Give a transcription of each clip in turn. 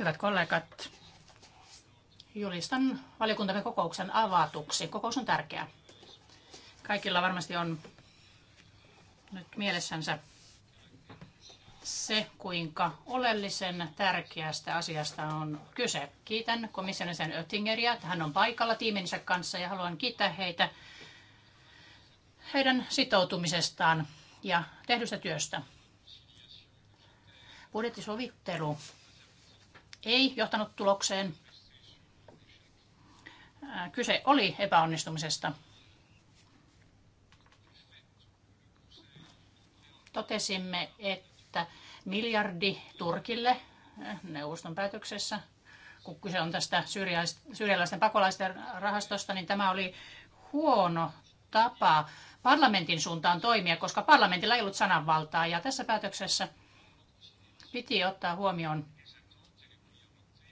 Hyvät kollegat, julistan valiokuntamme kokouksen avatuksi. Kokous on tärkeä. Kaikilla varmasti on nyt mielessänsä se, kuinka oleellisen tärkeästä asiasta on kyse. Kiitän komission sen Oettingeria, että hän on paikalla tiiminsä kanssa ja haluan kiittää heitä heidän sitoutumisestaan ja tehdystä työstä. Budjettisovittelu ei johtanut tulokseen. Kyse oli epäonnistumisesta. Totesimme, että miljardi Turkille neuvoston päätöksessä, kun kyse on tästä syyrialaisten pakolaisten rahastosta, niin tämä oli huono tapa parlamentin suuntaan toimia, koska parlamentilla ei ollut sananvaltaa. Ja tässä päätöksessä piti ottaa huomioon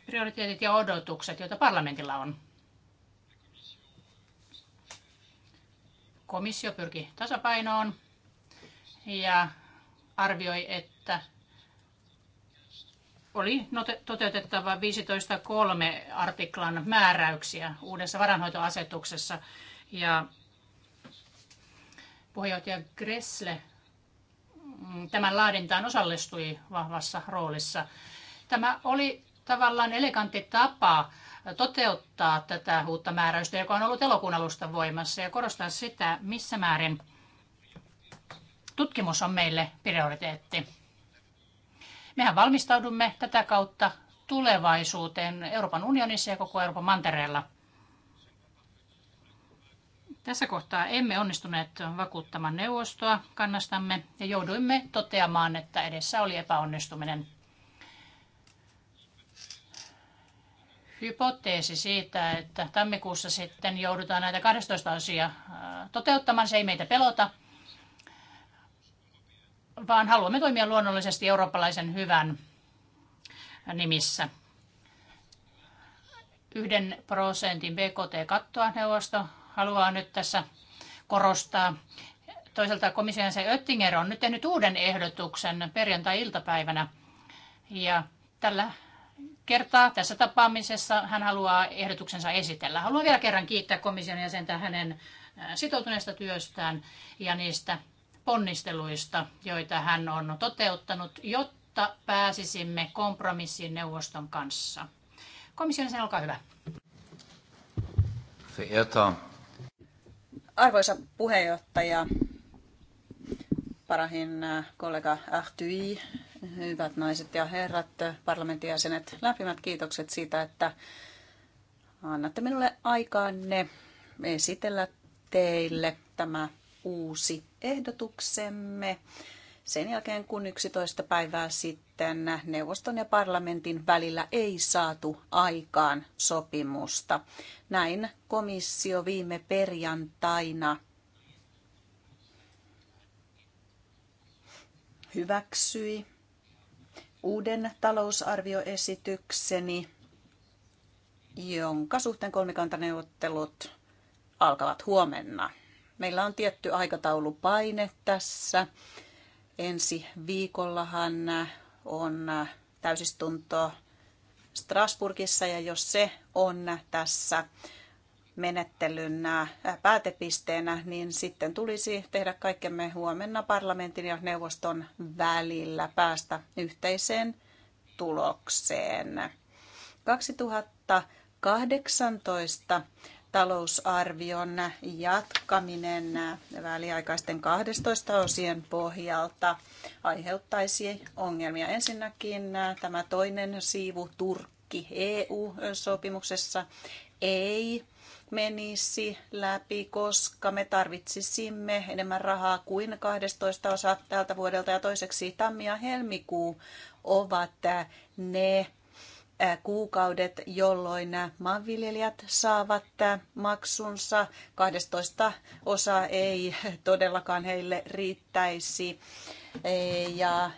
prioriteetit ja odotukset, joita parlamentilla on. Komissio pyrki tasapainoon ja arvioi, että oli toteutettava 15.3 artiklan määräyksiä uudessa varanhoitoasetuksessa. Ja puheenjohtaja Gressle Mm, tämän laadintaan osallistui vahvassa roolissa. Tämä oli tavallaan elegantti tapa toteuttaa tätä uutta määräystä, joka on ollut elokuun alusta voimassa, ja korostaa sitä, missä määrin tutkimus on meille prioriteetti. Mehän valmistaudumme tätä kautta tulevaisuuteen Euroopan unionissa ja koko Euroopan mantereella. Tässä kohtaa emme onnistuneet vakuuttamaan neuvostoa kannastamme ja jouduimme toteamaan, että edessä oli epäonnistuminen. Hypoteesi siitä, että tammikuussa sitten joudutaan näitä 12 asiaa toteuttamaan, se ei meitä pelota, vaan haluamme toimia luonnollisesti eurooppalaisen hyvän nimissä. Yhden prosentin BKT-kattoa neuvosto haluaa nyt tässä korostaa. Toisaalta komission se Öttinger on nyt tehnyt uuden ehdotuksen perjantai-iltapäivänä. Ja tällä kertaa tässä tapaamisessa hän haluaa ehdotuksensa esitellä. Haluan vielä kerran kiittää komission jäsentä hänen äh, sitoutuneesta työstään ja niistä ponnisteluista, joita hän on toteuttanut, jotta pääsisimme kompromissiin neuvoston kanssa. Komission jäsen, olkaa hyvä. Verehrter Arvoisa puheenjohtaja, parahin äh, kollega Ahtyi, hyvät naiset ja herrat, äh, parlamentin jäsenet, lämpimät kiitokset siitä, että annatte minulle aikaanne esitellä teille tämä uusi ehdotuksemme sen jälkeen, kun 11 päivää sitten neuvoston ja parlamentin välillä ei saatu aikaan sopimusta. Näin komissio viime perjantaina hyväksyi uuden talousarvioesitykseni, jonka suhteen kolmikantaneuvottelut alkavat huomenna. Meillä on tietty aikataulupaine tässä Ensi viikollahan on täysistunto Strasburgissa ja jos se on tässä menettelyn äh, päätepisteenä, niin sitten tulisi tehdä kaikkemme huomenna parlamentin ja neuvoston välillä päästä yhteiseen tulokseen. 2018 talousarvion jatkaminen väliaikaisten 12 osien pohjalta aiheuttaisi ongelmia. Ensinnäkin tämä toinen siivu Turkki EU-sopimuksessa ei menisi läpi, koska me tarvitsisimme enemmän rahaa kuin 12 osa tältä vuodelta. Ja toiseksi tammi ja helmikuu ovat ne kuukaudet, jolloin maanviljelijät saavat maksunsa. 12 osa ei todellakaan heille riittäisi. Ja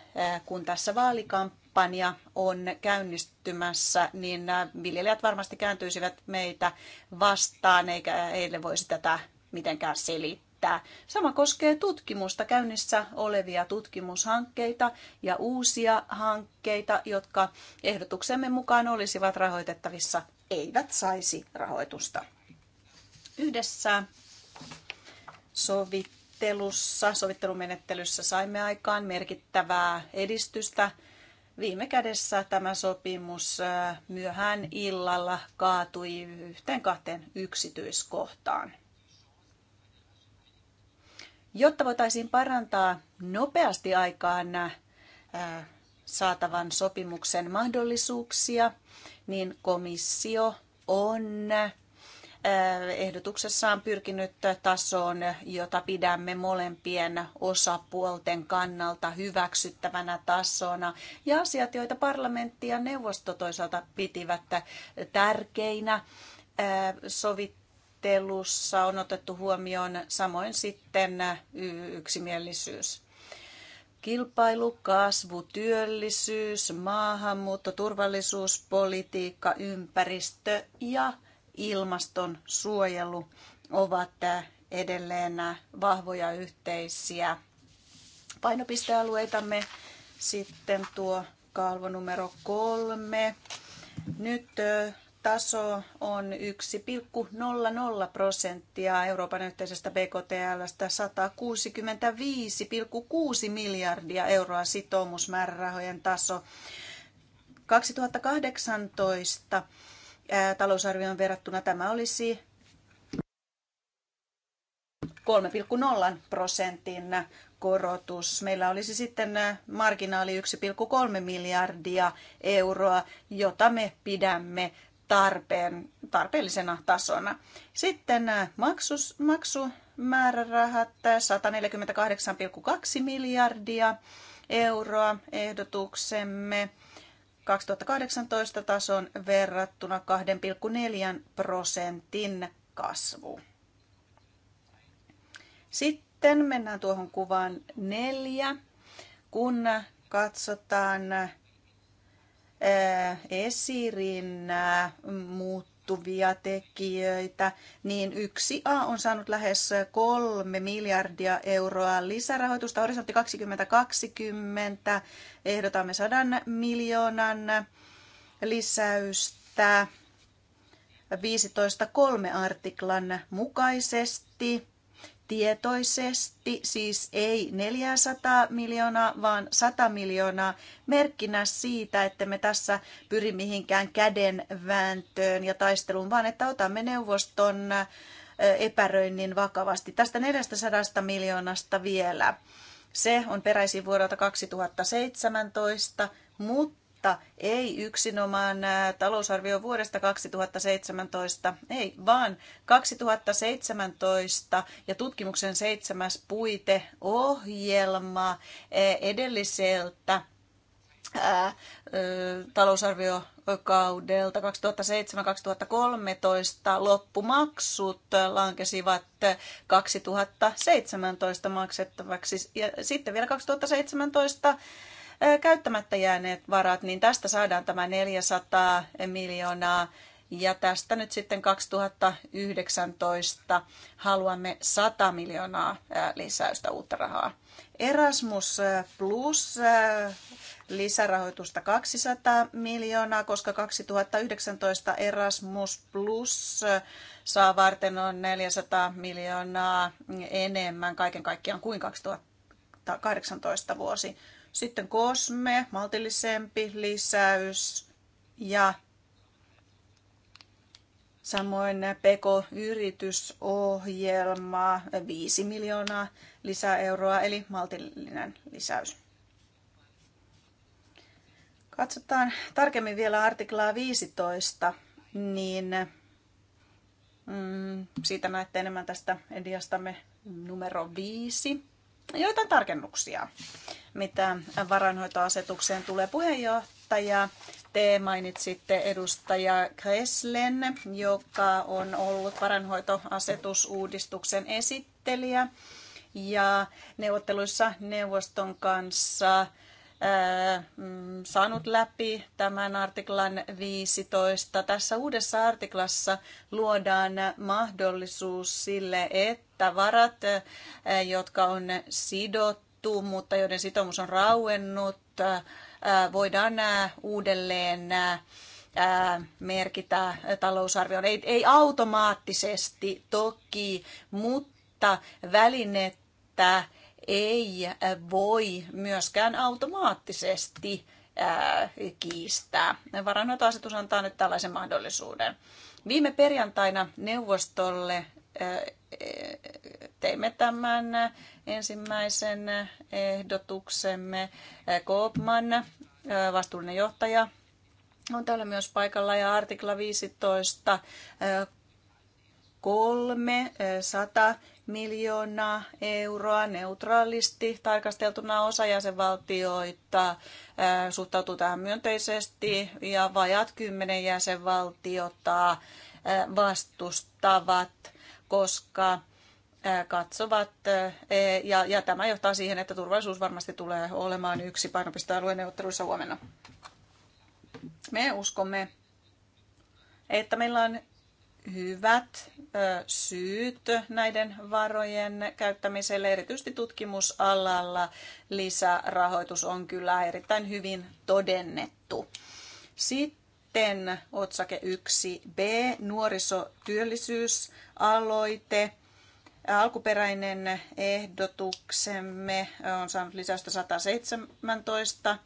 kun tässä vaalikampanja on käynnistymässä, niin viljelijät varmasti kääntyisivät meitä vastaan, eikä heille voisi tätä mitenkään selittää kehittää. Sama koskee tutkimusta, käynnissä olevia tutkimushankkeita ja uusia hankkeita, jotka ehdotuksemme mukaan olisivat rahoitettavissa, eivät saisi rahoitusta. Yhdessä sovittelussa, sovittelumenettelyssä saimme aikaan merkittävää edistystä viime kädessä tämä sopimus myöhään illalla kaatui yhteen kahteen yksityiskohtaan. Jotta voitaisiin parantaa nopeasti aikaan äh, saatavan sopimuksen mahdollisuuksia, niin komissio on äh, ehdotuksessaan pyrkinyt tasoon, jota pidämme molempien osapuolten kannalta hyväksyttävänä tasona. Ja asiat, joita parlamentti ja neuvosto toisaalta pitivät tärkeinä, äh, sovittu valmistelussa on otettu huomioon samoin sitten yksimielisyys. Kilpailu, kasvu, työllisyys, maahanmuutto, turvallisuuspolitiikka, ympäristö ja ilmaston suojelu ovat edelleen vahvoja yhteisiä painopistealueitamme. Sitten tuo kalvo numero kolme. Nyt taso on 1,00 prosenttia Euroopan yhteisestä BKTLstä 165,6 miljardia euroa sitoumusmäärärahojen taso. 2018 talousarvioon verrattuna tämä olisi 3,0 prosentin korotus. Meillä olisi sitten marginaali 1,3 miljardia euroa, jota me pidämme tarpeen, tarpeellisena tasona. Sitten äh, maksus, maksumäärärahat 148,2 äh, miljardia euroa ehdotuksemme 2018 tason verrattuna 2,4 prosentin kasvu. Sitten mennään tuohon kuvaan neljä. Kun katsotaan esirin muuttuvia tekijöitä, niin yksi A on saanut lähes kolme miljardia euroa lisärahoitusta. Horisontti 2020 ehdotamme 100 miljoonan lisäystä 15.3 artiklan mukaisesti tietoisesti, siis ei 400 miljoonaa, vaan 100 miljoonaa merkkinä siitä, että me tässä pyrimme mihinkään kädenvääntöön ja taisteluun, vaan että otamme neuvoston eh, epäröinnin vakavasti. Tästä 400 miljoonasta vielä. Se on peräisin vuodelta 2017, mutta mutta ei yksinomaan talousarvio vuodesta 2017, ei, vaan 2017 ja tutkimuksen seitsemäs puiteohjelma edelliseltä talousarviokaudelta 2007-2013 loppumaksut lankesivat 2017 maksettavaksi ja sitten vielä 2017 käyttämättä jääneet varat, niin tästä saadaan tämä 400 miljoonaa ja tästä nyt sitten 2019 haluamme 100 miljoonaa lisäystä uutta rahaa. Erasmus Plus lisärahoitusta 200 miljoonaa, koska 2019 Erasmus Plus saa varten on 400 miljoonaa enemmän kaiken kaikkiaan kuin 2018 vuosi sitten Kosme, maltillisempi lisäys ja samoin PK-yritysohjelma 5 miljoonaa lisää euroa, eli maltillinen lisäys. Katsotaan tarkemmin vielä artiklaa 15, niin mm, siitä näette enemmän tästä ediastamme numero 5 joitain tarkennuksia, mitä varainhoitoasetukseen tulee puheenjohtaja. Te mainitsitte edustaja Kreslen, joka on ollut varainhoitoasetusuudistuksen esittelijä. Ja neuvotteluissa neuvoston kanssa Mm, saanut läpi tämän artiklan 15. Tässä uudessa artiklassa luodaan mahdollisuus sille, että varat, jotka on sidottu, mutta joiden sitomus on rauennut, voidaan uudelleen merkitä talousarvioon. Ei, ei automaattisesti toki, mutta välinettä ei voi myöskään automaattisesti kiistää. Varanhoitoasetus antaa nyt tällaisen mahdollisuuden. Viime perjantaina neuvostolle teimme tämän ensimmäisen ehdotuksemme. Koopman, vastuullinen johtaja, on täällä myös paikalla ja artikla 15 kolme sata miljoonaa euroa neutraalisti tarkasteltuna osa jäsenvaltioita suhtautuu tähän myönteisesti ja vajat kymmenen jäsenvaltiota vastustavat, koska katsovat, e, ja, ja tämä johtaa siihen, että turvallisuus varmasti tulee olemaan yksi painopistealue neuvotteluissa huomenna. Me uskomme, että meillä on hyvät syyt näiden varojen käyttämiselle, erityisesti tutkimusalalla lisärahoitus on kyllä erittäin hyvin todennettu. Sitten otsake 1b, nuorisotyöllisyysaloite. Alkuperäinen ehdotuksemme on saanut lisäystä 117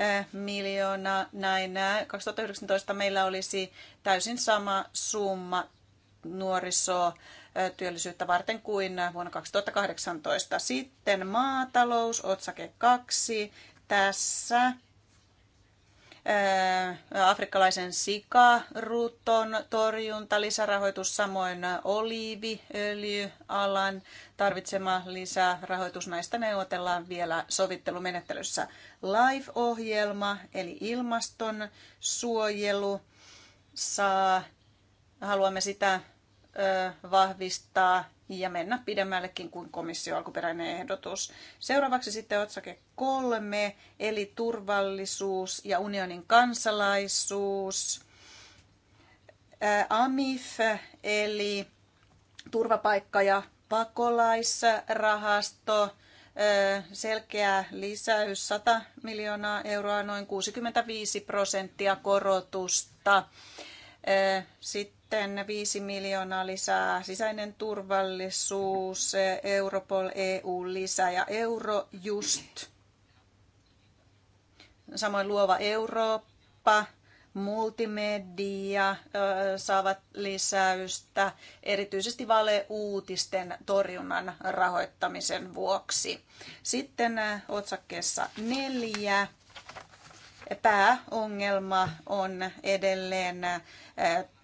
Äh, miljoonaa. Näin 2019 äh, meillä olisi täysin sama summa nuorisoa äh, työllisyyttä varten kuin vuonna 2018. Sitten maatalous, otsake 2. Tässä afrikkalaisen sikaruton torjunta, lisärahoitus, samoin oliiviöljyalan tarvitsema lisärahoitus. Näistä neuvotellaan vielä sovittelumenettelyssä. Live-ohjelma eli ilmaston suojelu saa, haluamme sitä vahvistaa ja mennä pidemmällekin kuin komission alkuperäinen ehdotus. Seuraavaksi sitten otsake kolme, eli turvallisuus ja unionin kansalaisuus. AMIF, eli turvapaikka- ja pakolaisrahasto, selkeä lisäys 100 miljoonaa euroa, noin 65 prosenttia korotusta. Sitten sitten 5 miljoonaa lisää sisäinen turvallisuus, Europol, EU lisää ja Eurojust. Samoin luova Eurooppa, multimedia saavat lisäystä erityisesti valeuutisten torjunnan rahoittamisen vuoksi. Sitten otsakkeessa neljä pääongelma on edelleen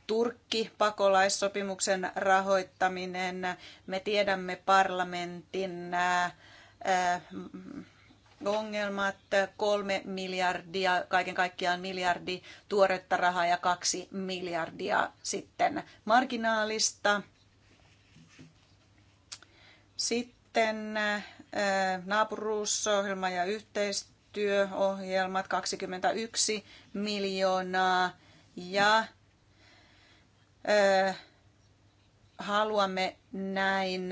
Turkki-pakolaissopimuksen rahoittaminen. Me tiedämme parlamentin ongelmat, kolme miljardia, kaiken kaikkiaan miljardi tuoretta rahaa ja kaksi miljardia sitten marginaalista. Sitten naapuruusohjelma ja yhteistyö työohjelmat 21 miljoonaa ja ö, haluamme näin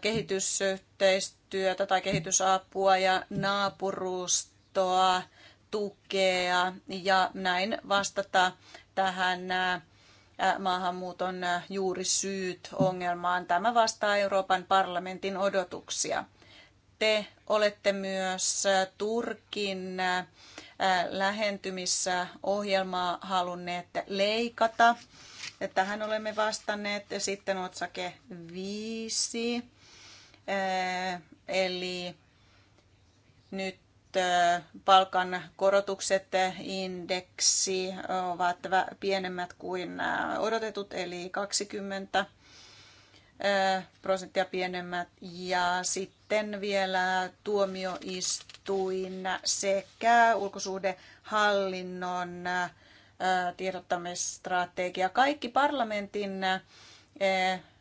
kehitysyhteistyötä tai kehitysapua ja naapurustoa tukea ja näin vastata tähän maahanmuuton juurisyyt ongelmaan. Tämä vastaa Euroopan parlamentin odotuksia te olette myös Turkin äh, lähentymissä ohjelmaa halunneet leikata. Tähän olemme vastanneet sitten otsake 5. Äh, eli nyt äh, palkan korotukset indeksi ovat pienemmät kuin odotetut, eli 20 prosenttia pienemmät. Ja sitten sitten vielä tuomioistuin sekä ulkosuhdehallinnon tiedottamistrategia. Kaikki parlamentin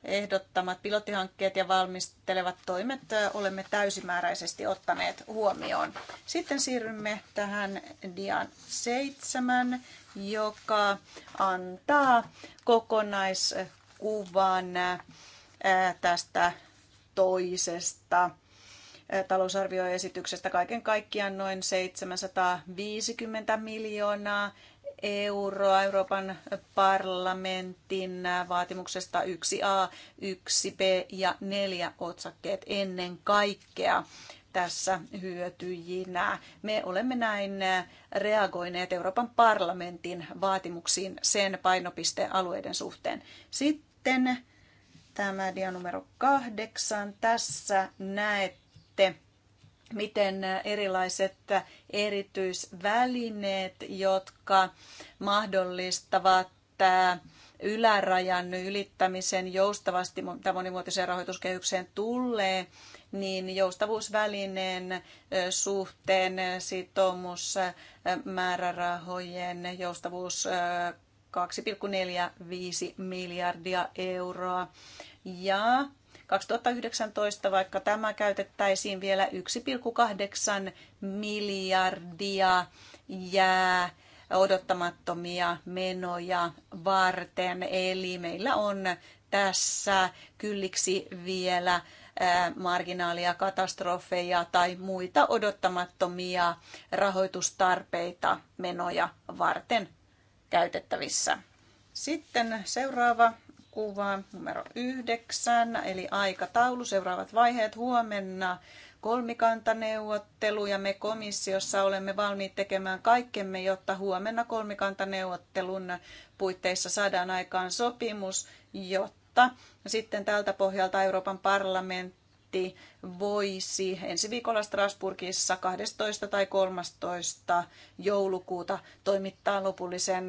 ehdottamat pilottihankkeet ja valmistelevat toimet olemme täysimääräisesti ottaneet huomioon. Sitten siirrymme tähän dian seitsemän, joka antaa kokonaiskuvan tästä toisesta talousarvioesityksestä kaiken kaikkiaan noin 750 miljoonaa euroa Euroopan parlamentin vaatimuksesta 1a, 1b ja 4 otsakkeet ennen kaikkea tässä hyötyjinä. Me olemme näin reagoineet Euroopan parlamentin vaatimuksiin sen painopistealueiden suhteen. Sitten tämä dia numero kahdeksan. Tässä näette, miten erilaiset erityisvälineet, jotka mahdollistavat ylärajan ylittämisen joustavasti monimuotoiseen rahoituskehykseen tulee, niin joustavuusvälineen suhteen sitoumus määrärahojen joustavuus 2,45 miljardia euroa. Ja 2019, vaikka tämä käytettäisiin vielä 1,8 miljardia jää odottamattomia menoja varten. Eli meillä on tässä kylliksi vielä marginaalia, katastrofeja tai muita odottamattomia rahoitustarpeita menoja varten käytettävissä. Sitten seuraava kuva numero yhdeksän, eli aikataulu, seuraavat vaiheet huomenna kolmikantaneuvottelu ja me komissiossa olemme valmiit tekemään kaikkemme, jotta huomenna kolmikantaneuvottelun puitteissa saadaan aikaan sopimus, jotta sitten tältä pohjalta Euroopan parlamentti parlamentti voisi ensi viikolla Strasburgissa 12. tai 13. joulukuuta toimittaa lopullisen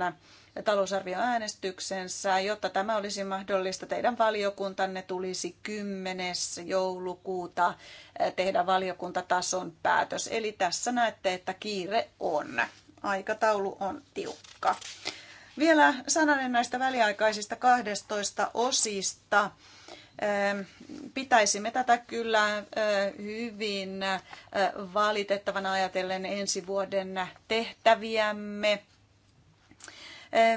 talousarvioäänestyksensä, jotta tämä olisi mahdollista. Teidän valiokuntanne tulisi 10. joulukuuta tehdä valiokuntatason päätös. Eli tässä näette, että kiire on. Aikataulu on tiukka. Vielä sananen näistä väliaikaisista 12 osista. Pitäisimme tätä kyllä hyvin valitettavana ajatellen ensi vuoden tehtäviämme.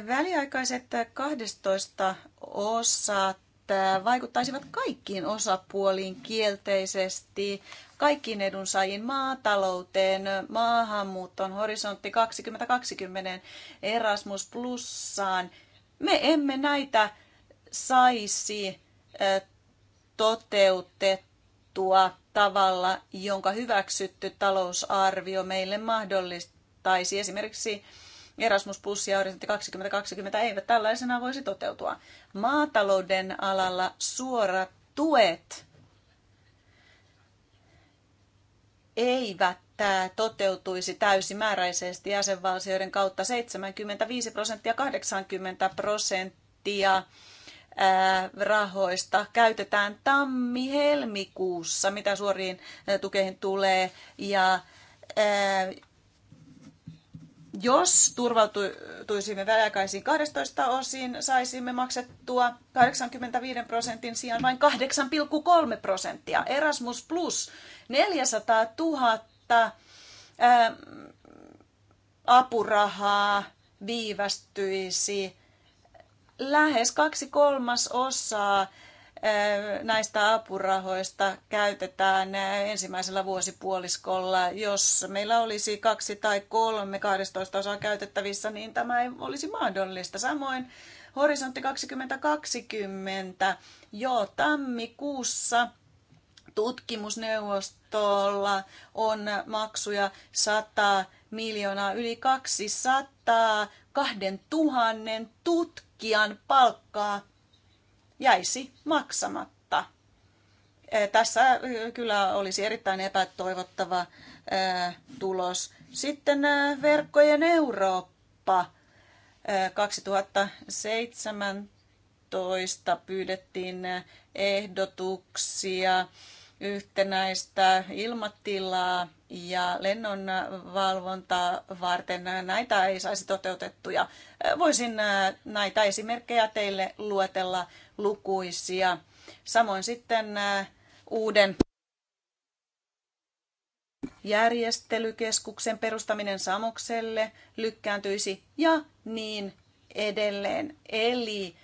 Väliaikaiset 12 osat vaikuttaisivat kaikkiin osapuoliin kielteisesti, kaikkiin edunsaajiin, maatalouteen, maahanmuuttoon, horisontti 2020, Erasmus plussaan. Me emme näitä saisi toteutettua tavalla, jonka hyväksytty talousarvio meille mahdollistaisi. Esimerkiksi Erasmus Plus ja Horisontti 2020 eivät tällaisena voisi toteutua. Maatalouden alalla suorat tuet eivät tämä toteutuisi täysimääräisesti jäsenvaltioiden kautta 75 prosenttia, 80 prosenttia rahoista käytetään tammi-helmikuussa, mitä suoriin tukeihin tulee. Ja jos turvautuisimme väliaikaisiin 12 osiin, saisimme maksettua 85 prosentin sijaan vain 8,3 prosenttia. Erasmus Plus 400 000 apurahaa viivästyisi lähes kaksi kolmasosaa eh, näistä apurahoista käytetään eh, ensimmäisellä vuosipuoliskolla. Jos meillä olisi kaksi tai kolme 12 osaa käytettävissä, niin tämä ei olisi mahdollista. Samoin Horisontti 2020 jo tammikuussa tutkimusneuvostolla on maksuja 100 miljoonaa, yli 200 kahden tuhannen tutkijan palkkaa jäisi maksamatta. Tässä kyllä olisi erittäin epätoivottava tulos. Sitten verkkojen Eurooppa 2017 pyydettiin ehdotuksia yhtenäistä ilmatilaa ja lennonvalvontaa varten näitä ei saisi toteutettuja. Voisin äh, näitä esimerkkejä teille luetella lukuisia. Samoin sitten äh, uuden järjestelykeskuksen perustaminen Samokselle lykkääntyisi ja niin edelleen. Eli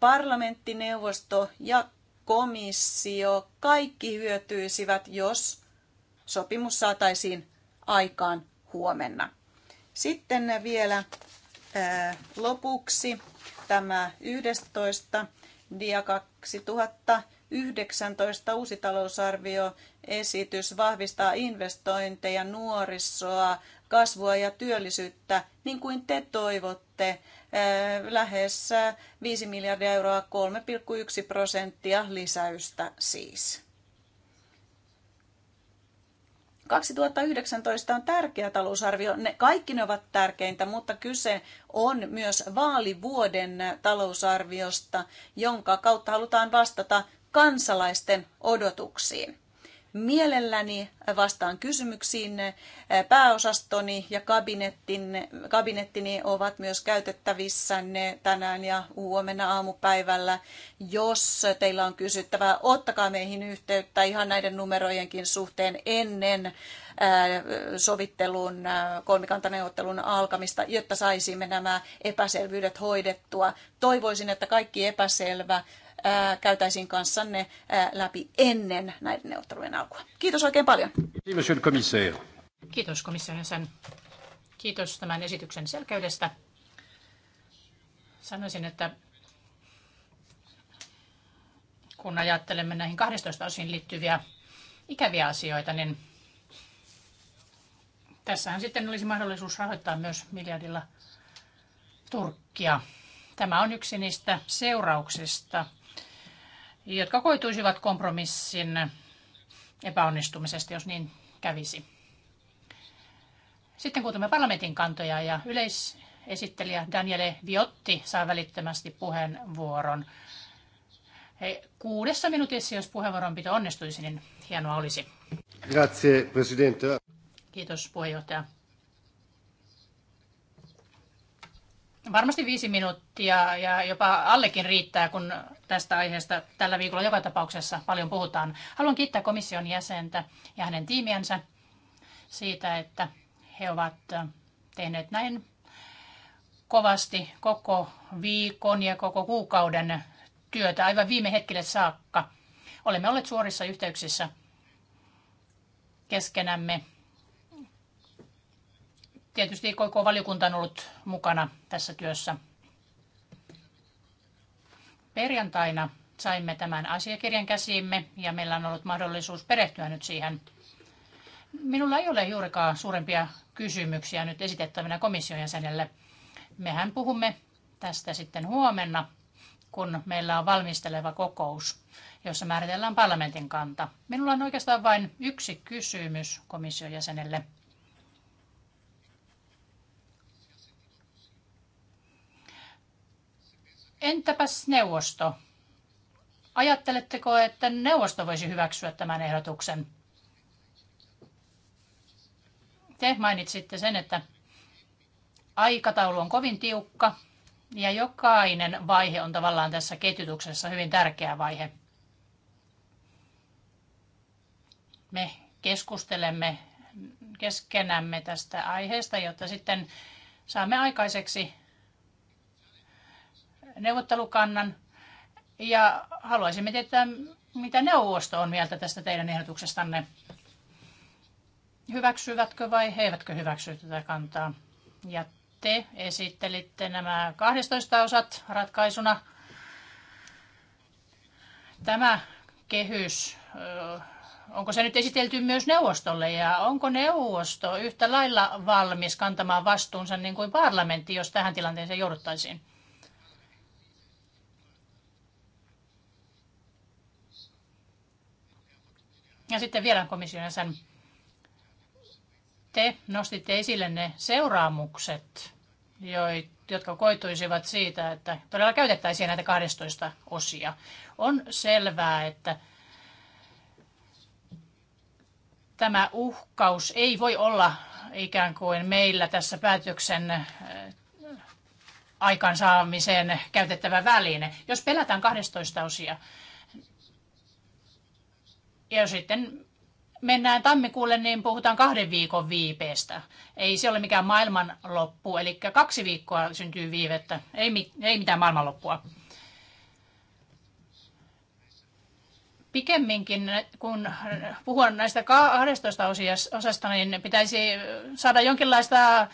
parlamenttineuvosto ja komissio, kaikki hyötyisivät, jos sopimus saataisiin aikaan huomenna. Sitten vielä lopuksi tämä 11. dia 2019 uusi talousarvioesitys vahvistaa investointeja, nuorisoa, kasvua ja työllisyyttä, niin kuin te toivotte. Äh, lähes 5 äh, miljardia euroa, 3,1 prosenttia lisäystä siis. 2019 on tärkeä talousarvio. Ne, kaikki ne ovat tärkeintä, mutta kyse on myös vaalivuoden talousarviosta, jonka kautta halutaan vastata kansalaisten odotuksiin. Mielelläni vastaan kysymyksiin. Pääosastoni ja kabinettini ovat myös käytettävissänne tänään ja huomenna aamupäivällä. Jos teillä on kysyttävää, ottakaa meihin yhteyttä ihan näiden numerojenkin suhteen ennen äh, sovittelun, äh, kolmikantaneuvottelun alkamista, jotta saisimme nämä epäselvyydet hoidettua. Toivoisin, että kaikki epäselvä käytäisiin kanssanne läpi ennen näiden neuvottelujen alkua. Kiitos oikein paljon. Kiitos komissio Kiitos tämän esityksen selkeydestä. Sanoisin, että kun ajattelemme näihin 12 osiin liittyviä ikäviä asioita, niin tässähän sitten olisi mahdollisuus rahoittaa myös miljardilla Turkkia. Tämä on yksi niistä seurauksista, jotka koituisivat kompromissin epäonnistumisesta, jos niin kävisi. Sitten kuulemme parlamentin kantoja ja yleisesittelijä Daniele Viotti saa välittömästi puheenvuoron. He kuudessa minuutissa, jos puheenvuoronpito onnistuisi, niin hienoa olisi. Grazie, presidente. Kiitos puheenjohtaja. Varmasti viisi minuuttia ja jopa allekin riittää, kun tästä aiheesta tällä viikolla joka tapauksessa paljon puhutaan. Haluan kiittää komission jäsentä ja hänen tiimiänsä siitä, että he ovat äh, tehneet näin kovasti koko viikon ja koko kuukauden työtä aivan viime hetkille saakka. Olemme olleet suorissa yhteyksissä keskenämme Tietysti e koko valiokunta on ollut mukana tässä työssä. Perjantaina saimme tämän asiakirjan käsiimme ja meillä on ollut mahdollisuus perehtyä nyt siihen. Minulla ei ole juurikaan suurempia kysymyksiä nyt esitettävänä komission jäsenelle. Mehän puhumme tästä sitten huomenna, kun meillä on valmisteleva kokous, jossa määritellään parlamentin kanta. Minulla on oikeastaan vain yksi kysymys komission jäsenelle. Entäpäs neuvosto? Ajatteletteko, että neuvosto voisi hyväksyä tämän ehdotuksen? Te mainitsitte sen, että aikataulu on kovin tiukka ja jokainen vaihe on tavallaan tässä ketjutuksessa hyvin tärkeä vaihe. Me keskustelemme keskenämme tästä aiheesta, jotta sitten saamme aikaiseksi neuvottelukannan ja haluaisimme tietää, mitä neuvosto on mieltä tästä teidän ehdotuksestanne. Hyväksyvätkö vai he eivätkö hyväksy tätä kantaa? Ja te esittelitte nämä 12 osat ratkaisuna. Tämä kehys, onko se nyt esitelty myös neuvostolle ja onko neuvosto yhtä lailla valmis kantamaan vastuunsa niin kuin parlamentti, jos tähän tilanteeseen jouduttaisiin? Ja sitten vielä komission sen te nostitte esille ne seuraamukset, jotka koituisivat siitä, että todella käytettäisiin näitä 12 osia. On selvää, että tämä uhkaus ei voi olla ikään kuin meillä tässä päätöksen äh, aikansaamiseen käytettävä väline. Jos pelätään 12 osia, ja jos sitten mennään tammikuulle, niin puhutaan kahden viikon viipeestä. Ei se ole mikään maailmanloppu, eli kaksi viikkoa syntyy viivettä, ei, mit- ei mitään maailmanloppua. pikemminkin, kun puhun näistä 12 osasta, niin pitäisi saada jonkinlaista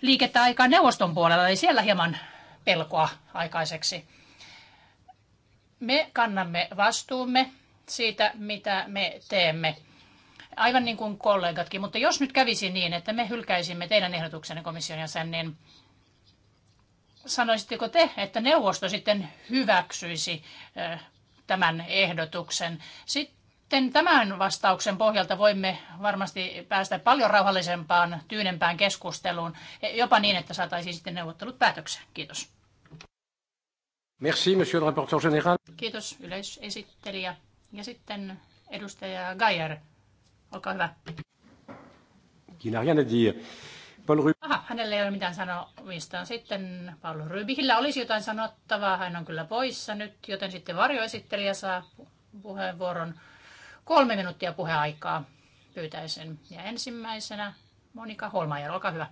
liikettä aikaan neuvoston puolella, eli siellä hieman pelkoa aikaiseksi. Me kannamme vastuumme siitä, mitä me teemme. Aivan niin kuin kollegatkin, mutta jos nyt kävisi niin, että me hylkäisimme teidän ehdotuksenne komission jäsen, niin sanoisitteko te, että neuvosto sitten hyväksyisi tämän ehdotuksen? Sitten tämän vastauksen pohjalta voimme varmasti päästä paljon rauhallisempaan, tyynempään keskusteluun, e, jopa niin, että saataisiin sitten neuvottelut päätökseen. Kiitos. Merci, monsieur le rapporteur général. Kiitos yleisesittelijä. Ja sitten edustaja Gajer, olkaa hyvä. Aha, hänellä ei ole mitään sanomista. Sitten Paul Rybihillä olisi jotain sanottavaa. Hän on kyllä poissa nyt, joten sitten varjoesittelijä saa puheenvuoron. Kolme minuuttia puheaikaa pyytäisin. Ja ensimmäisenä Monika Holmajer, olkaa hyvä.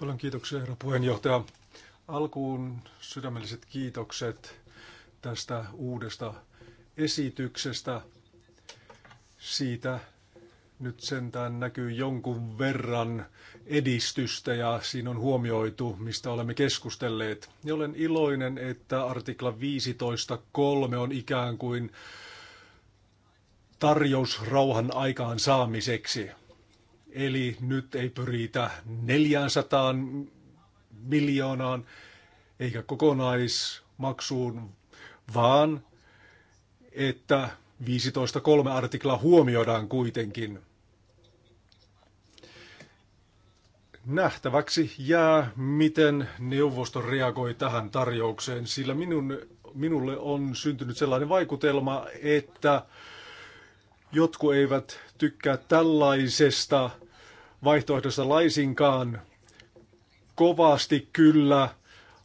Paljon kiitoksia, herra puheenjohtaja. Alkuun sydämelliset kiitokset tästä uudesta esityksestä. Siitä nyt sentään näkyy jonkun verran edistystä ja siinä on huomioitu, mistä olemme keskustelleet. Ja olen iloinen, että artikla 15.3 on ikään kuin tarjous rauhan aikaan saamiseksi. Eli nyt ei pyritä 400 miljoonaan eikä kokonaismaksuun, vaan että 15.3 artikla huomioidaan kuitenkin. Nähtäväksi jää, miten neuvosto reagoi tähän tarjoukseen, sillä minun, minulle on syntynyt sellainen vaikutelma, että jotkut eivät tykkää tällaisesta vaihtoehdosta laisinkaan. Kovasti kyllä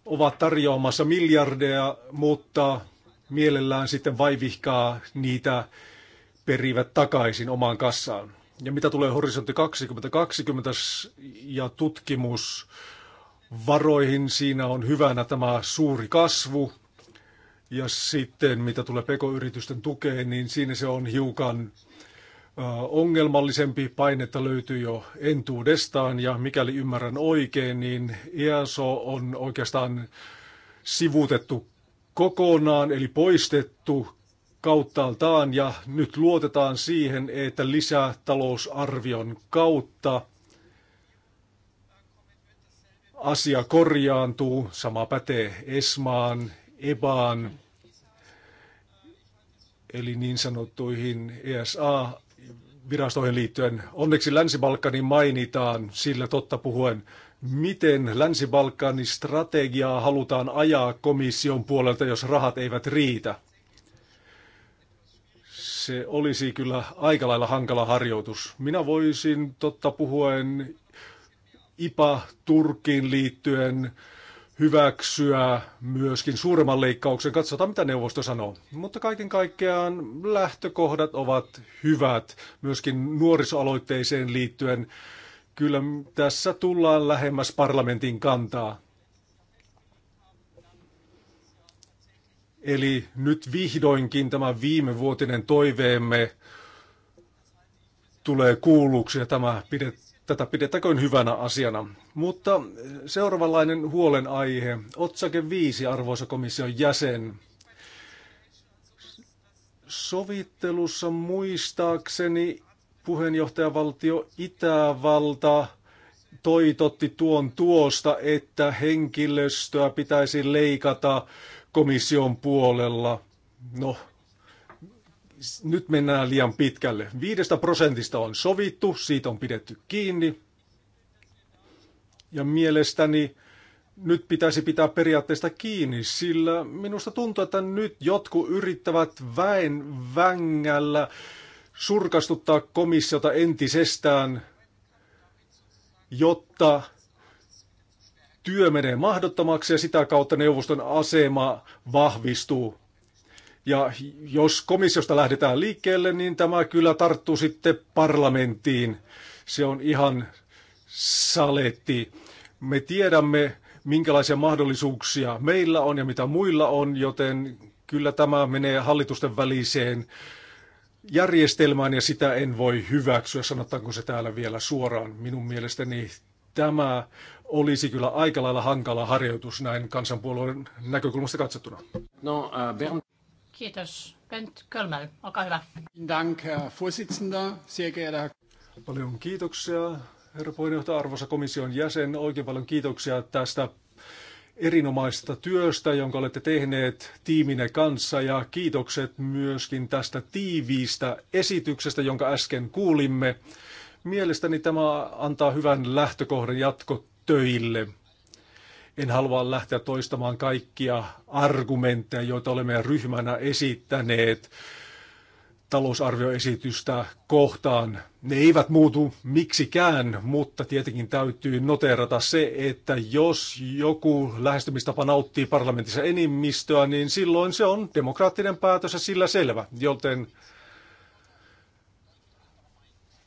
ovat tarjoamassa miljardeja, mutta mielellään sitten vaivihkaa niitä perivät takaisin omaan kassaan. Ja mitä tulee horisontti 2020 ja tutkimusvaroihin, siinä on hyvänä tämä suuri kasvu. Ja sitten mitä tulee pekoyritysten tukeen, niin siinä se on hiukan ongelmallisempi, painetta löytyy jo entuudestaan ja mikäli ymmärrän oikein, niin EASO on oikeastaan sivutettu kokonaan eli poistettu kauttaaltaan ja nyt luotetaan siihen, että lisätalousarvion kautta asia korjaantuu. Sama pätee Esmaan, EBAan, eli niin sanottuihin ESA virastoihin liittyen. Onneksi Länsi-Balkani mainitaan, sillä totta puhuen, miten länsi balkani strategiaa halutaan ajaa komission puolelta, jos rahat eivät riitä. Se olisi kyllä aika lailla hankala harjoitus. Minä voisin totta puhuen IPA Turkiin liittyen hyväksyä myöskin suuremman leikkauksen. Katsotaan, mitä neuvosto sanoo. Mutta kaiken kaikkiaan lähtökohdat ovat hyvät myöskin nuorisoaloitteeseen liittyen. Kyllä tässä tullaan lähemmäs parlamentin kantaa. Eli nyt vihdoinkin tämä viimevuotinen toiveemme tulee kuulluksi ja tämä pidetään. Tätä pidetäköön hyvänä asiana. Mutta eh, seuraavanlainen huolenaihe. Otsake 5, arvoisa komission jäsen. Sovittelussa muistaakseni puheenjohtajavaltio Itävalta toitotti tuon tuosta, että henkilöstöä pitäisi leikata komission puolella. No, nyt mennään liian pitkälle. Viidestä prosentista on sovittu, siitä on pidetty kiinni. Ja mielestäni nyt pitäisi pitää periaatteesta kiinni, sillä minusta tuntuu, että nyt jotkut yrittävät väen vängällä surkastuttaa komissiota entisestään, jotta työ menee mahdottomaksi ja sitä kautta neuvoston asema vahvistuu. Ja jos komissiosta lähdetään liikkeelle, niin tämä kyllä tarttuu sitten parlamenttiin. Se on ihan saletti. Me tiedämme, minkälaisia mahdollisuuksia meillä on ja mitä muilla on, joten kyllä tämä menee hallitusten väliseen järjestelmään ja sitä en voi hyväksyä, sanotaanko se täällä vielä suoraan. Minun mielestäni tämä olisi kyllä aika lailla hankala harjoitus näin kansanpuolueen näkökulmasta katsottuna. No, uh, Bernd. Kiitos. Bent Kölmel, olkaa hyvä. Dank, Herr Vorsitzender, sehr geehrter. Paljon kiitoksia, herra puheenjohtaja, arvoisa komission jäsen. Oikein paljon kiitoksia tästä erinomaisesta työstä, jonka olette tehneet tiiminne kanssa ja kiitokset myöskin tästä tiiviistä esityksestä, jonka äsken kuulimme. Mielestäni tämä antaa hyvän lähtökohdan jatkotöille. En halua lähteä toistamaan kaikkia argumentteja, joita olemme ryhmänä esittäneet talousarvioesitystä kohtaan. Ne eivät muutu miksikään, mutta tietenkin täytyy noterata se, että jos joku lähestymistapa nauttii parlamentissa enimmistöä, niin silloin se on demokraattinen päätös ja sillä selvä. Joten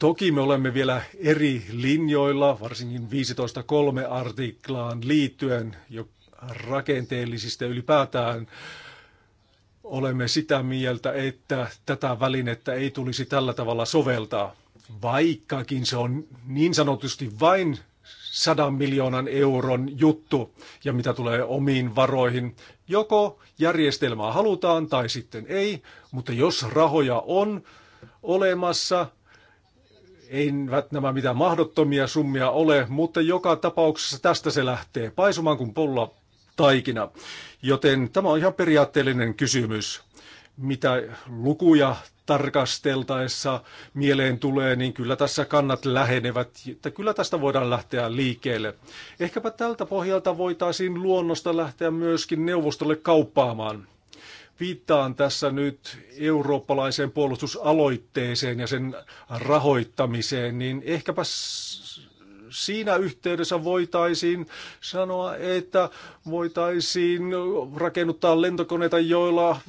Toki me olemme vielä eri linjoilla, varsinkin 15.3 artiklaan liittyen jo rakenteellisista ylipäätään olemme sitä mieltä, että tätä välinettä ei tulisi tällä tavalla soveltaa, vaikkakin se on niin sanotusti vain sadan miljoonan euron juttu, ja mitä tulee omiin varoihin. Joko järjestelmää halutaan tai sitten ei, mutta jos rahoja on olemassa, eivät nämä mitään mahdottomia summia ole, mutta joka tapauksessa tästä se lähtee paisumaan kuin polla taikina. Joten tämä on ihan periaatteellinen kysymys. Mitä lukuja tarkasteltaessa mieleen tulee, niin kyllä tässä kannat lähenevät, että kyllä tästä voidaan lähteä liikkeelle. Ehkäpä tältä pohjalta voitaisiin luonnosta lähteä myöskin neuvostolle kauppaamaan. Viittaan tässä nyt eurooppalaiseen puolustusaloitteeseen ja sen rahoittamiseen, niin ehkäpä siinä yhteydessä voitaisiin sanoa, että voitaisiin rakennuttaa lentokoneita, joilla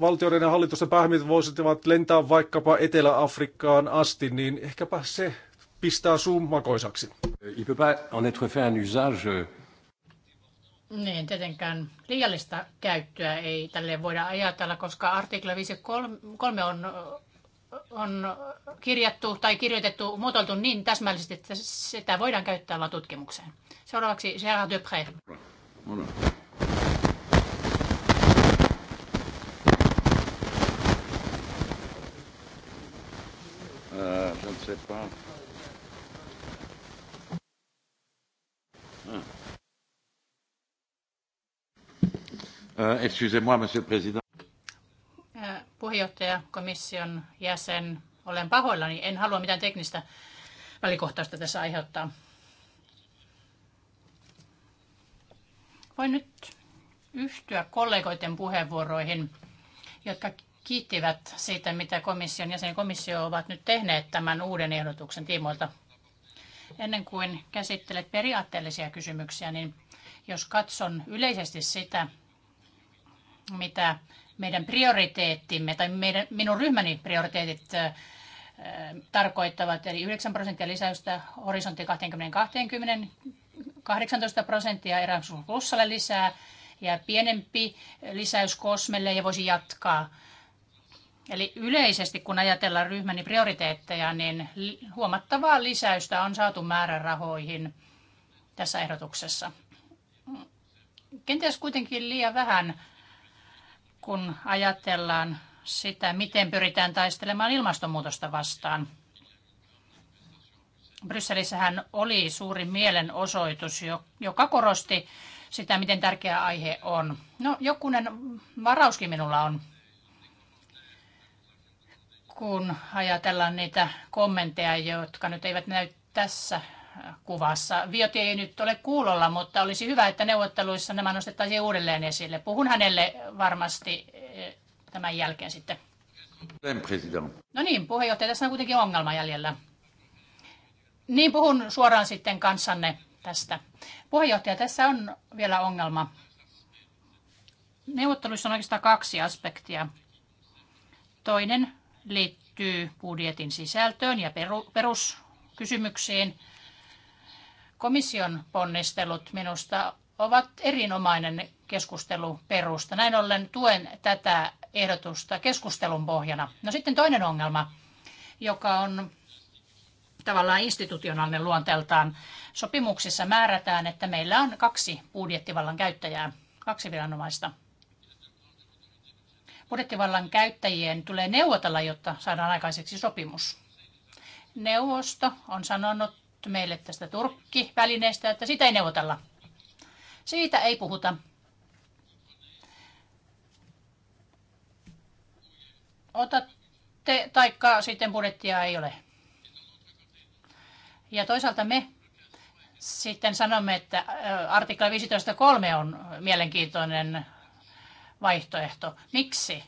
valtioiden ja hallitusten päämiehet voisivat lentää vaikkapa Etelä-Afrikkaan asti, niin ehkäpä se pistää summakoisaksi. Il peut pas en être fait un usage niin, tietenkään liiallista käyttöä ei tälle voida ajatella, koska artikla 5.3 on, on kirjattu tai kirjoitettu, muotoiltu niin täsmällisesti, että sitä voidaan käyttää vain tutkimukseen. Seuraavaksi Gérard Dupré. Euh, je ne sais pas. Ah. Euh, excusez-moi, monsieur Puheenjohtaja, komission jäsen, olen pahoillani. En halua mitään teknistä välikohtausta tässä aiheuttaa. Voin nyt yhtyä kollegoiden puheenvuoroihin, jotka kiittivät siitä, mitä komission jäsen ja komissio ovat nyt tehneet tämän uuden ehdotuksen tiimoilta. Ennen kuin käsittelet periaatteellisia kysymyksiä, niin jos katson yleisesti sitä, mitä meidän prioriteettimme tai meidän, minun ryhmäni prioriteetit tarkoittavat, eli 9 prosenttia lisäystä horisontti 2020, 18 prosenttia Erasmus Plusalle lisää ja pienempi lisäys Kosmelle ja voisi jatkaa. Eli yleisesti kun ajatellaan ryhmäni prioriteetteja, niin huomattavaa lisäystä on saatu määrärahoihin tässä ehdotuksessa. Kenties kuitenkin liian vähän kun ajatellaan sitä, miten pyritään taistelemaan ilmastonmuutosta vastaan. Brysselissähän oli suuri mielenosoitus, joka korosti sitä, miten tärkeä aihe on. No, jokunen varauskin minulla on, kun ajatellaan niitä kommentteja, jotka nyt eivät näy tässä kuvassa. Vioti ei nyt ole kuulolla, mutta olisi hyvä, että neuvotteluissa nämä nostettaisiin uudelleen esille. Puhun hänelle varmasti eh, tämän jälkeen sitten. No niin, puheenjohtaja, tässä on kuitenkin ongelma jäljellä. Niin, puhun suoraan sitten kanssanne tästä. Puheenjohtaja, tässä on vielä ongelma. Neuvotteluissa on oikeastaan kaksi aspektia. Toinen liittyy budjetin sisältöön ja peruskysymyksiin. Komission ponnistelut minusta ovat erinomainen keskusteluperusta. Näin ollen tuen tätä ehdotusta keskustelun pohjana. No sitten toinen ongelma, joka on tavallaan institutionaalinen luonteeltaan. Sopimuksissa määrätään, että meillä on kaksi budjettivallan käyttäjää, kaksi viranomaista. Budjettivallan käyttäjien tulee neuvotella, jotta saadaan aikaiseksi sopimus. Neuvosto on sanonut, meille tästä turkkivälineestä, että sitä ei neuvotella. Siitä ei puhuta. Otatte, taikka sitten budjettia ei ole. Ja toisaalta me sitten sanomme, että artikla 15.3 on mielenkiintoinen vaihtoehto. Miksi?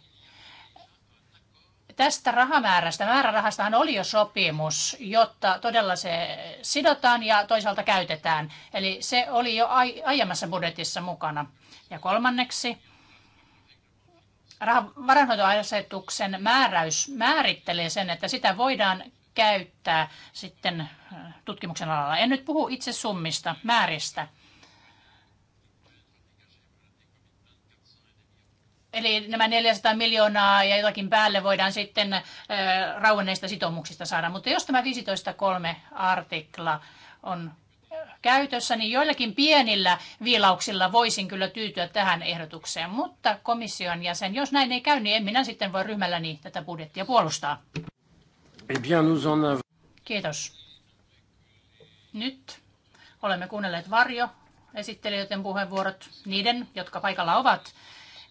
Tästä rahamäärästä, määrärahastahan oli jo sopimus, jotta todella se sidotaan ja toisaalta käytetään. Eli se oli jo aiemmassa budjetissa mukana. Ja kolmanneksi, varainhoitoasetuksen määräys määrittelee sen, että sitä voidaan käyttää sitten äh, tutkimuksen alalla. En nyt puhu itse summista, määristä. Eli nämä 400 miljoonaa ja jotakin päälle voidaan sitten rauenneista sitoumuksista saada. Mutta jos tämä 15.3 artikla on käytössä, niin joillakin pienillä viilauksilla voisin kyllä tyytyä tähän ehdotukseen. Mutta komission jäsen, jos näin ei käy, niin en minä sitten voi ryhmälläni tätä budjettia puolustaa. Eh Kiitos. Nyt olemme kuunnelleet varjo esittelijöiden puheenvuorot, niiden, jotka paikalla ovat.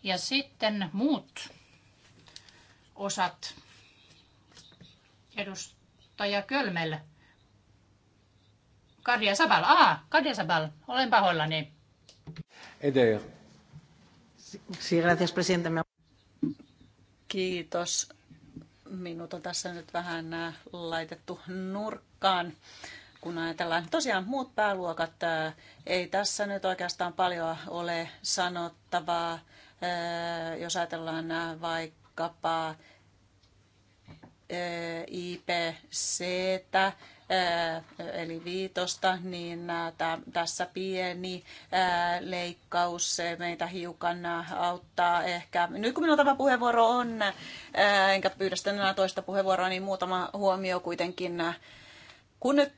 Ja sitten muut osat. Edustaja Kölmel. Karja Sabal. Ah, Karja Sabal. Olen pahoillani. Edeer. Sí, gracias, presidente. Kiitos. Minut on tässä nyt vähän äh, laitettu nurkkaan, kun ajatellaan. Tosiaan muut pääluokat, äh, ei tässä nyt oikeastaan paljon ole sanottavaa jos ajatellaan vaikkapa IPC, eli viitosta, niin tässä pieni leikkaus meitä hiukan auttaa ehkä. Nyt kun minulla tämä puheenvuoro on, enkä pyydä sitten enää toista puheenvuoroa, niin muutama huomio kuitenkin kun nyt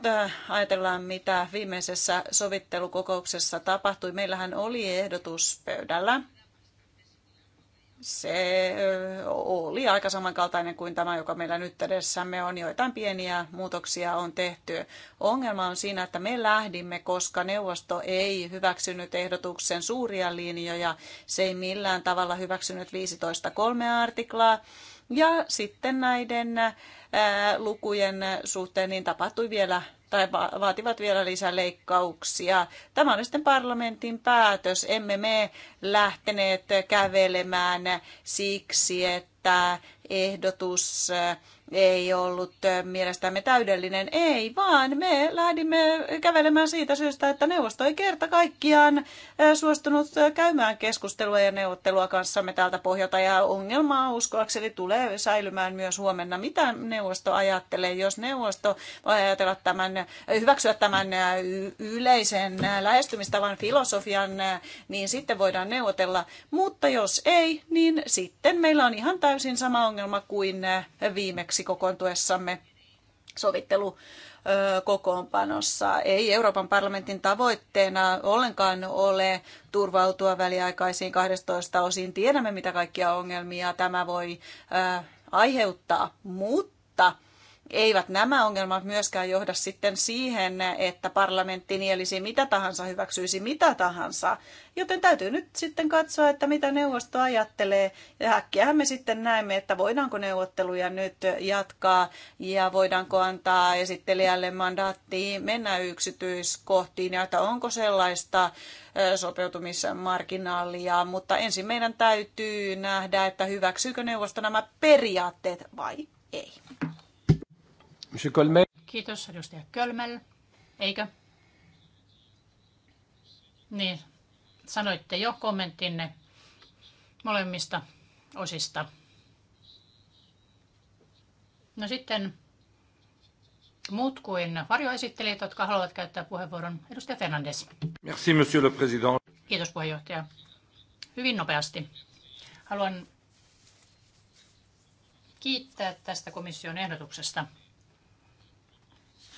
ajatellaan, mitä viimeisessä sovittelukokouksessa tapahtui, meillähän oli ehdotus pöydällä, se oli aika samankaltainen kuin tämä, joka meillä nyt edessämme on. Joitain pieniä muutoksia on tehty. Ongelma on siinä, että me lähdimme, koska neuvosto ei hyväksynyt ehdotuksen suuria linjoja. Se ei millään tavalla hyväksynyt 15.3 artiklaa. Ja sitten näiden lukujen suhteen niin tapahtui vielä tai va- vaativat vielä lisäleikkauksia. Tämä on sitten parlamentin päätös. Emme me lähteneet kävelemään siksi, että ehdotus eh, ei ollut eh, mielestämme täydellinen. Ei, vaan me lähdimme kävelemään siitä syystä, että neuvosto ei kerta kaikkiaan eh, suostunut käymään keskustelua ja neuvottelua kanssamme täältä pohjalta. Ja ongelmaa uskoakseni tulee säilymään myös huomenna. Mitä neuvosto ajattelee, jos neuvosto ajatella tämän, hyväksyä tämän yleisen lähestymistavan filosofian, niin sitten voidaan neuvotella. Mutta jos ei, niin sitten meillä on ihan täysin sama ongelma ongelma kuin äh, viimeksi kokoontuessamme sovittelu kokoonpanossa. Ei Euroopan parlamentin tavoitteena ollenkaan ole turvautua väliaikaisiin 12 osiin. Tiedämme, mitä kaikkia ongelmia tämä voi aiheuttaa, mutta eivät nämä ongelmat myöskään johda sitten siihen, että parlamentti nielisi mitä tahansa, hyväksyisi mitä tahansa. Joten täytyy nyt sitten katsoa, että mitä neuvosto ajattelee. Ja häkkiähän me sitten näemme, että voidaanko neuvotteluja nyt jatkaa ja voidaanko antaa esittelijälle mandaatti mennä yksityiskohtiin ja että onko sellaista sopeutumismarginaalia. Mutta ensin meidän täytyy nähdä, että hyväksyykö neuvosto nämä periaatteet vai ei. Kiitos, edustaja Kölmel. Eikö? Niin, sanoitte jo kommenttinne molemmista osista. No sitten muut kuin varjoesittelijät, jotka haluavat käyttää puheenvuoron. Edustaja Fernandes. Merci, monsieur le président. Kiitos puheenjohtaja. Hyvin nopeasti. Haluan kiittää tästä komission ehdotuksesta.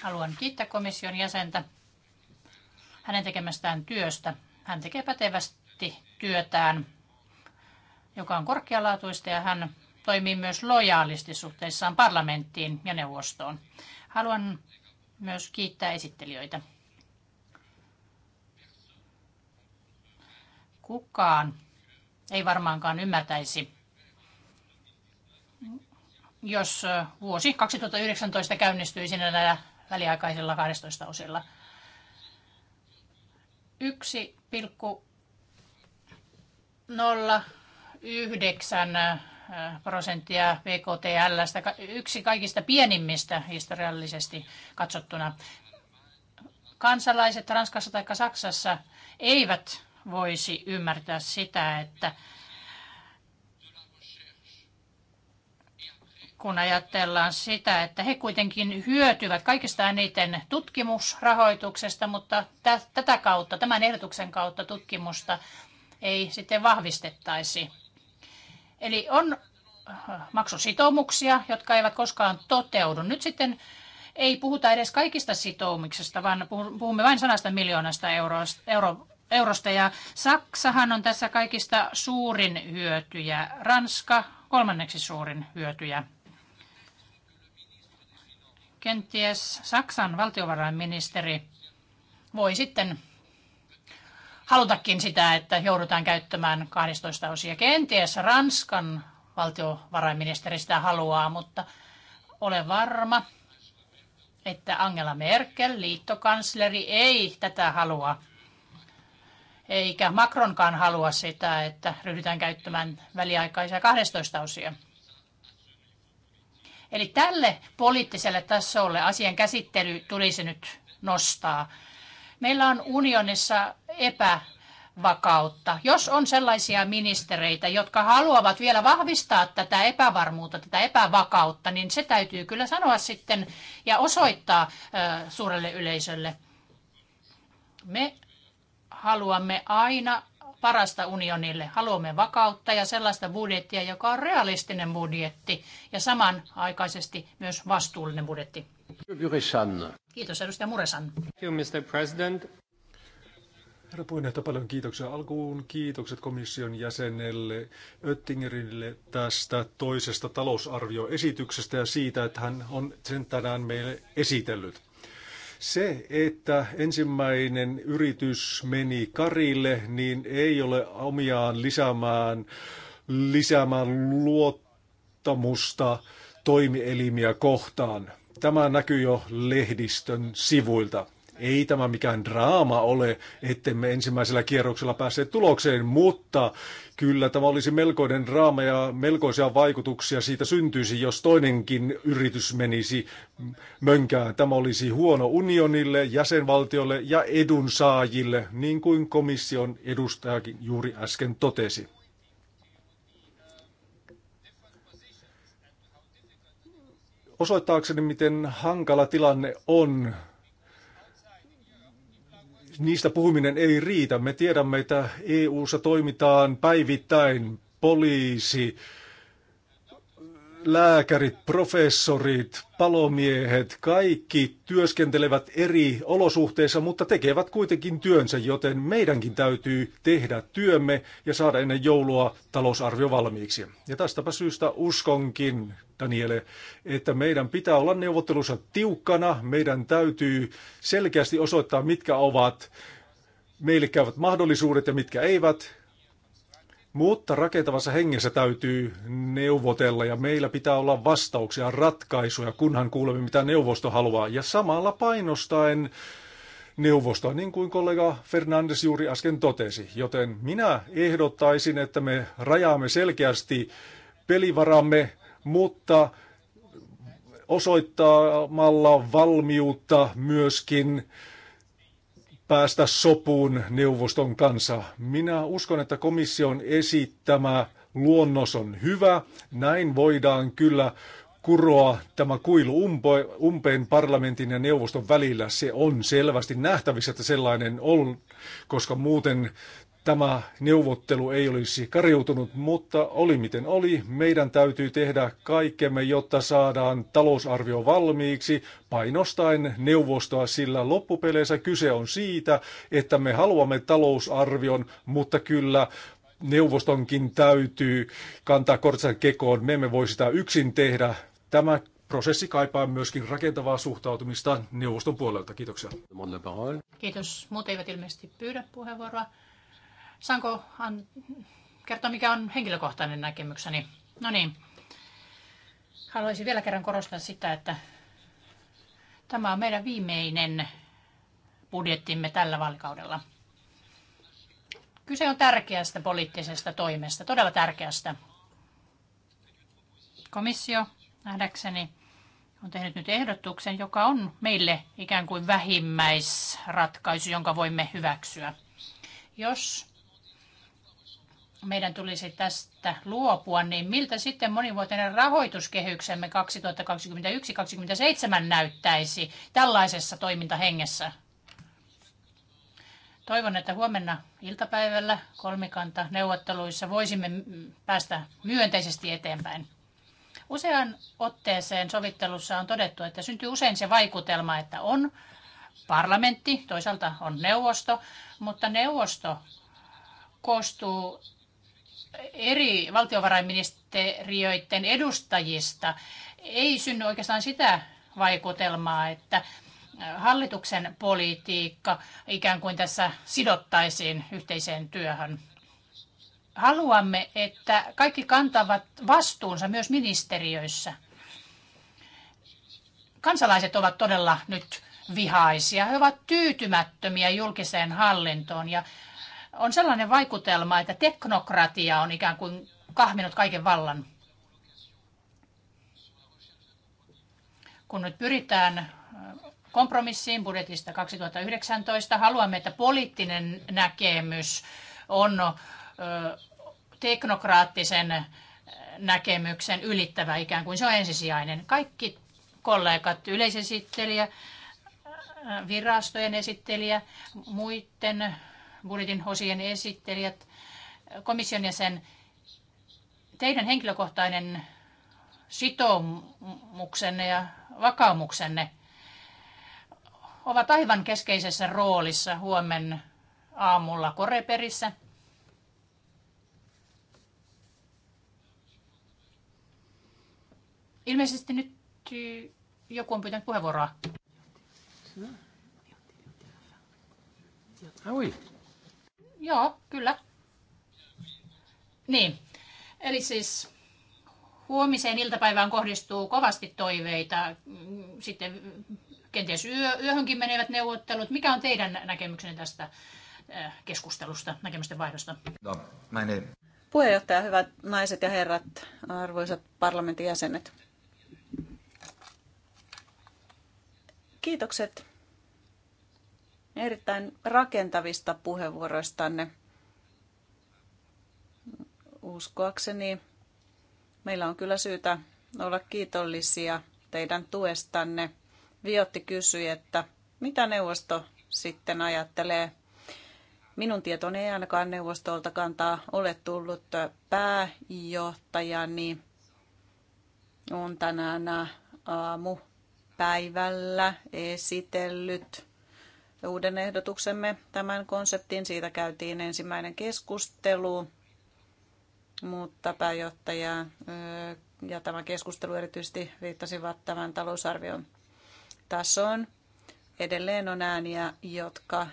Haluan kiittää komission jäsentä hänen tekemästään työstä. Hän tekee pätevästi työtään, joka on korkealaatuista ja hän toimii myös lojaalisti suhteissaan parlamenttiin ja neuvostoon. Haluan myös kiittää esittelijöitä. Kukaan ei varmaankaan ymmärtäisi, jos vuosi 2019 käynnistyisi näillä väliaikaisilla 12 osilla. 1,09 prosenttia BKTLstä, yksi kaikista pienimmistä historiallisesti katsottuna. Kansalaiset Ranskassa tai Saksassa eivät voisi ymmärtää sitä, että kun ajatellaan sitä, että he kuitenkin hyötyvät kaikista eniten tutkimusrahoituksesta, mutta tätä kautta, tämän ehdotuksen kautta tutkimusta ei sitten vahvistettaisi. Eli on äh, maksusitoumuksia, jotka eivät koskaan toteudu. Nyt sitten ei puhuta edes kaikista sitoumuksista, vaan puhumme vain sanasta miljoonasta eurosta, euro, eurosta. Ja Saksahan on tässä kaikista suurin hyötyjä, Ranska kolmanneksi suurin hyötyjä kenties Saksan valtiovarainministeri voi sitten halutakin sitä, että joudutaan käyttämään 12 osia. Kenties Ranskan valtiovarainministeri sitä haluaa, mutta ole varma, että Angela Merkel, liittokansleri, ei tätä halua. Eikä Macronkaan halua sitä, että ryhdytään käyttämään väliaikaisia 12 osia. Eli tälle poliittiselle tasolle asian käsittely tulisi nyt nostaa. Meillä on unionissa epä vakautta. Jos on sellaisia ministereitä, jotka haluavat vielä vahvistaa tätä epävarmuutta, tätä epävakautta, niin se täytyy kyllä sanoa sitten ja osoittaa suurelle yleisölle. Me haluamme aina parasta unionille. Haluamme vakautta ja sellaista budjettia, joka on realistinen budjetti ja samanaikaisesti myös vastuullinen budjetti. Kiitos edustaja Muresan. Mr. President. Herra puheenjohtaja, paljon kiitoksia alkuun. Kiitokset komission jäsenelle Öttingerille tästä toisesta talousarvioesityksestä ja siitä, että hän on sen tänään meille esitellyt. Se, että ensimmäinen yritys meni karille, niin ei ole omiaan lisäämään, lisäämään luottamusta toimielimiä kohtaan. Tämä näkyy jo lehdistön sivuilta. Ei tämä mikään draama ole, ettemme ensimmäisellä kierroksella päässeet tulokseen, mutta kyllä tämä olisi melkoinen draama ja melkoisia vaikutuksia siitä syntyisi, jos toinenkin yritys menisi mönkään. Tämä olisi huono unionille, jäsenvaltiolle ja edunsaajille, niin kuin komission edustajakin juuri äsken totesi. osoittaakseni, miten hankala tilanne on niistä puhuminen ei riitä. Me tiedämme, että EU-ssa toimitaan päivittäin poliisi, lääkärit, professorit, palomiehet, kaikki työskentelevät eri olosuhteissa, mutta tekevät kuitenkin työnsä, joten meidänkin täytyy tehdä työmme ja saada ennen joulua talousarvio valmiiksi. Ja tästäpä syystä uskonkin, Daniele, että meidän pitää olla neuvottelussa tiukkana, meidän täytyy selkeästi osoittaa, mitkä ovat meille käyvät mahdollisuudet ja mitkä eivät, mutta rakentavassa hengessä täytyy neuvotella ja meillä pitää olla vastauksia, ratkaisuja, kunhan kuulemme mitä neuvosto haluaa. Ja samalla painostaen neuvostoa, niin kuin kollega Fernandes juuri äsken totesi. Joten minä ehdottaisin, että me rajaamme selkeästi pelivaramme, mutta osoittamalla valmiutta myöskin päästä sopuun neuvoston kanssa. Minä uskon, että komission esittämä luonnos on hyvä. Näin voidaan kyllä kuroa tämä kuilu umpeen parlamentin ja neuvoston välillä. Se on selvästi nähtävissä, että sellainen on, koska muuten tämä neuvottelu ei olisi kariutunut, mutta oli miten oli. Meidän täytyy tehdä kaikkemme, jotta saadaan talousarvio valmiiksi, painostaen neuvostoa, sillä loppupeleissä kyse on siitä, että me haluamme talousarvion, mutta kyllä neuvostonkin täytyy kantaa kortsa kekoon. Me emme voi sitä yksin tehdä. Tämä prosessi kaipaa myöskin rakentavaa suhtautumista neuvoston puolelta. Kiitoksia. Kiitos. Muut eivät ilmeisesti pyydä puheenvuoroa. Saanko kertoa, mikä on henkilökohtainen näkemykseni? No niin, haluaisin vielä kerran korostaa sitä, että tämä on meidän viimeinen budjettimme tällä vaalikaudella. Kyse on tärkeästä poliittisesta toimesta, todella tärkeästä. Komissio nähdäkseni on tehnyt nyt ehdotuksen, joka on meille ikään kuin vähimmäisratkaisu, jonka voimme hyväksyä. Jos meidän tulisi tästä luopua, niin miltä sitten monivuotinen rahoituskehyksemme 2021-2027 näyttäisi tällaisessa toimintahengessä? Toivon, että huomenna iltapäivällä kolmikanta neuvotteluissa voisimme päästä myönteisesti eteenpäin. Usean otteeseen sovittelussa on todettu, että syntyy usein se vaikutelma, että on parlamentti, toisaalta on neuvosto, mutta neuvosto koostuu eri valtiovarainministeriöiden edustajista ei synny oikeastaan sitä vaikutelmaa, että hallituksen politiikka ikään kuin tässä sidottaisiin yhteiseen työhön. Haluamme, että kaikki kantavat vastuunsa myös ministeriöissä. Kansalaiset ovat todella nyt vihaisia. He ovat tyytymättömiä julkiseen hallintoon ja on sellainen vaikutelma, että teknokratia on ikään kuin kahminut kaiken vallan. Kun nyt pyritään kompromissiin budjetista 2019, haluamme, että poliittinen näkemys on teknokraattisen näkemyksen ylittävä ikään kuin se on ensisijainen. Kaikki kollegat, yleisesittelijä, virastojen esittelijä, muiden budjetin osien esittelijät, komission jäsen, teidän henkilökohtainen sitoumuksenne ja vakaumuksenne ovat aivan keskeisessä roolissa huomen aamulla Koreperissä. Ilmeisesti nyt joku on pyytänyt puheenvuoroa. Ah oui. Joo, kyllä. Niin. Eli siis huomiseen iltapäivään kohdistuu kovasti toiveita. Mm, sitten kenties yö, yöhönkin menevät neuvottelut. Mikä on teidän näkemyksenne tästä äh, keskustelusta, näkemysten vaihdosta? No, Puheenjohtaja, hyvät naiset ja herrat, arvoisat parlamentin jäsenet. Kiitokset erittäin rakentavista puheenvuoroistanne. Uskoakseni meillä on kyllä syytä olla kiitollisia teidän tuestanne. Viotti kysyi, että mitä neuvosto sitten ajattelee Minun tietoni ei ainakaan neuvostolta kantaa ole tullut. Pääjohtajani on tänään aamupäivällä esitellyt uuden ehdotuksemme tämän konseptin. Siitä käytiin ensimmäinen keskustelu, mutta pääjohtaja ja tämä keskustelu erityisesti viittasivat tämän talousarvion tasoon. Edelleen on ääniä, jotka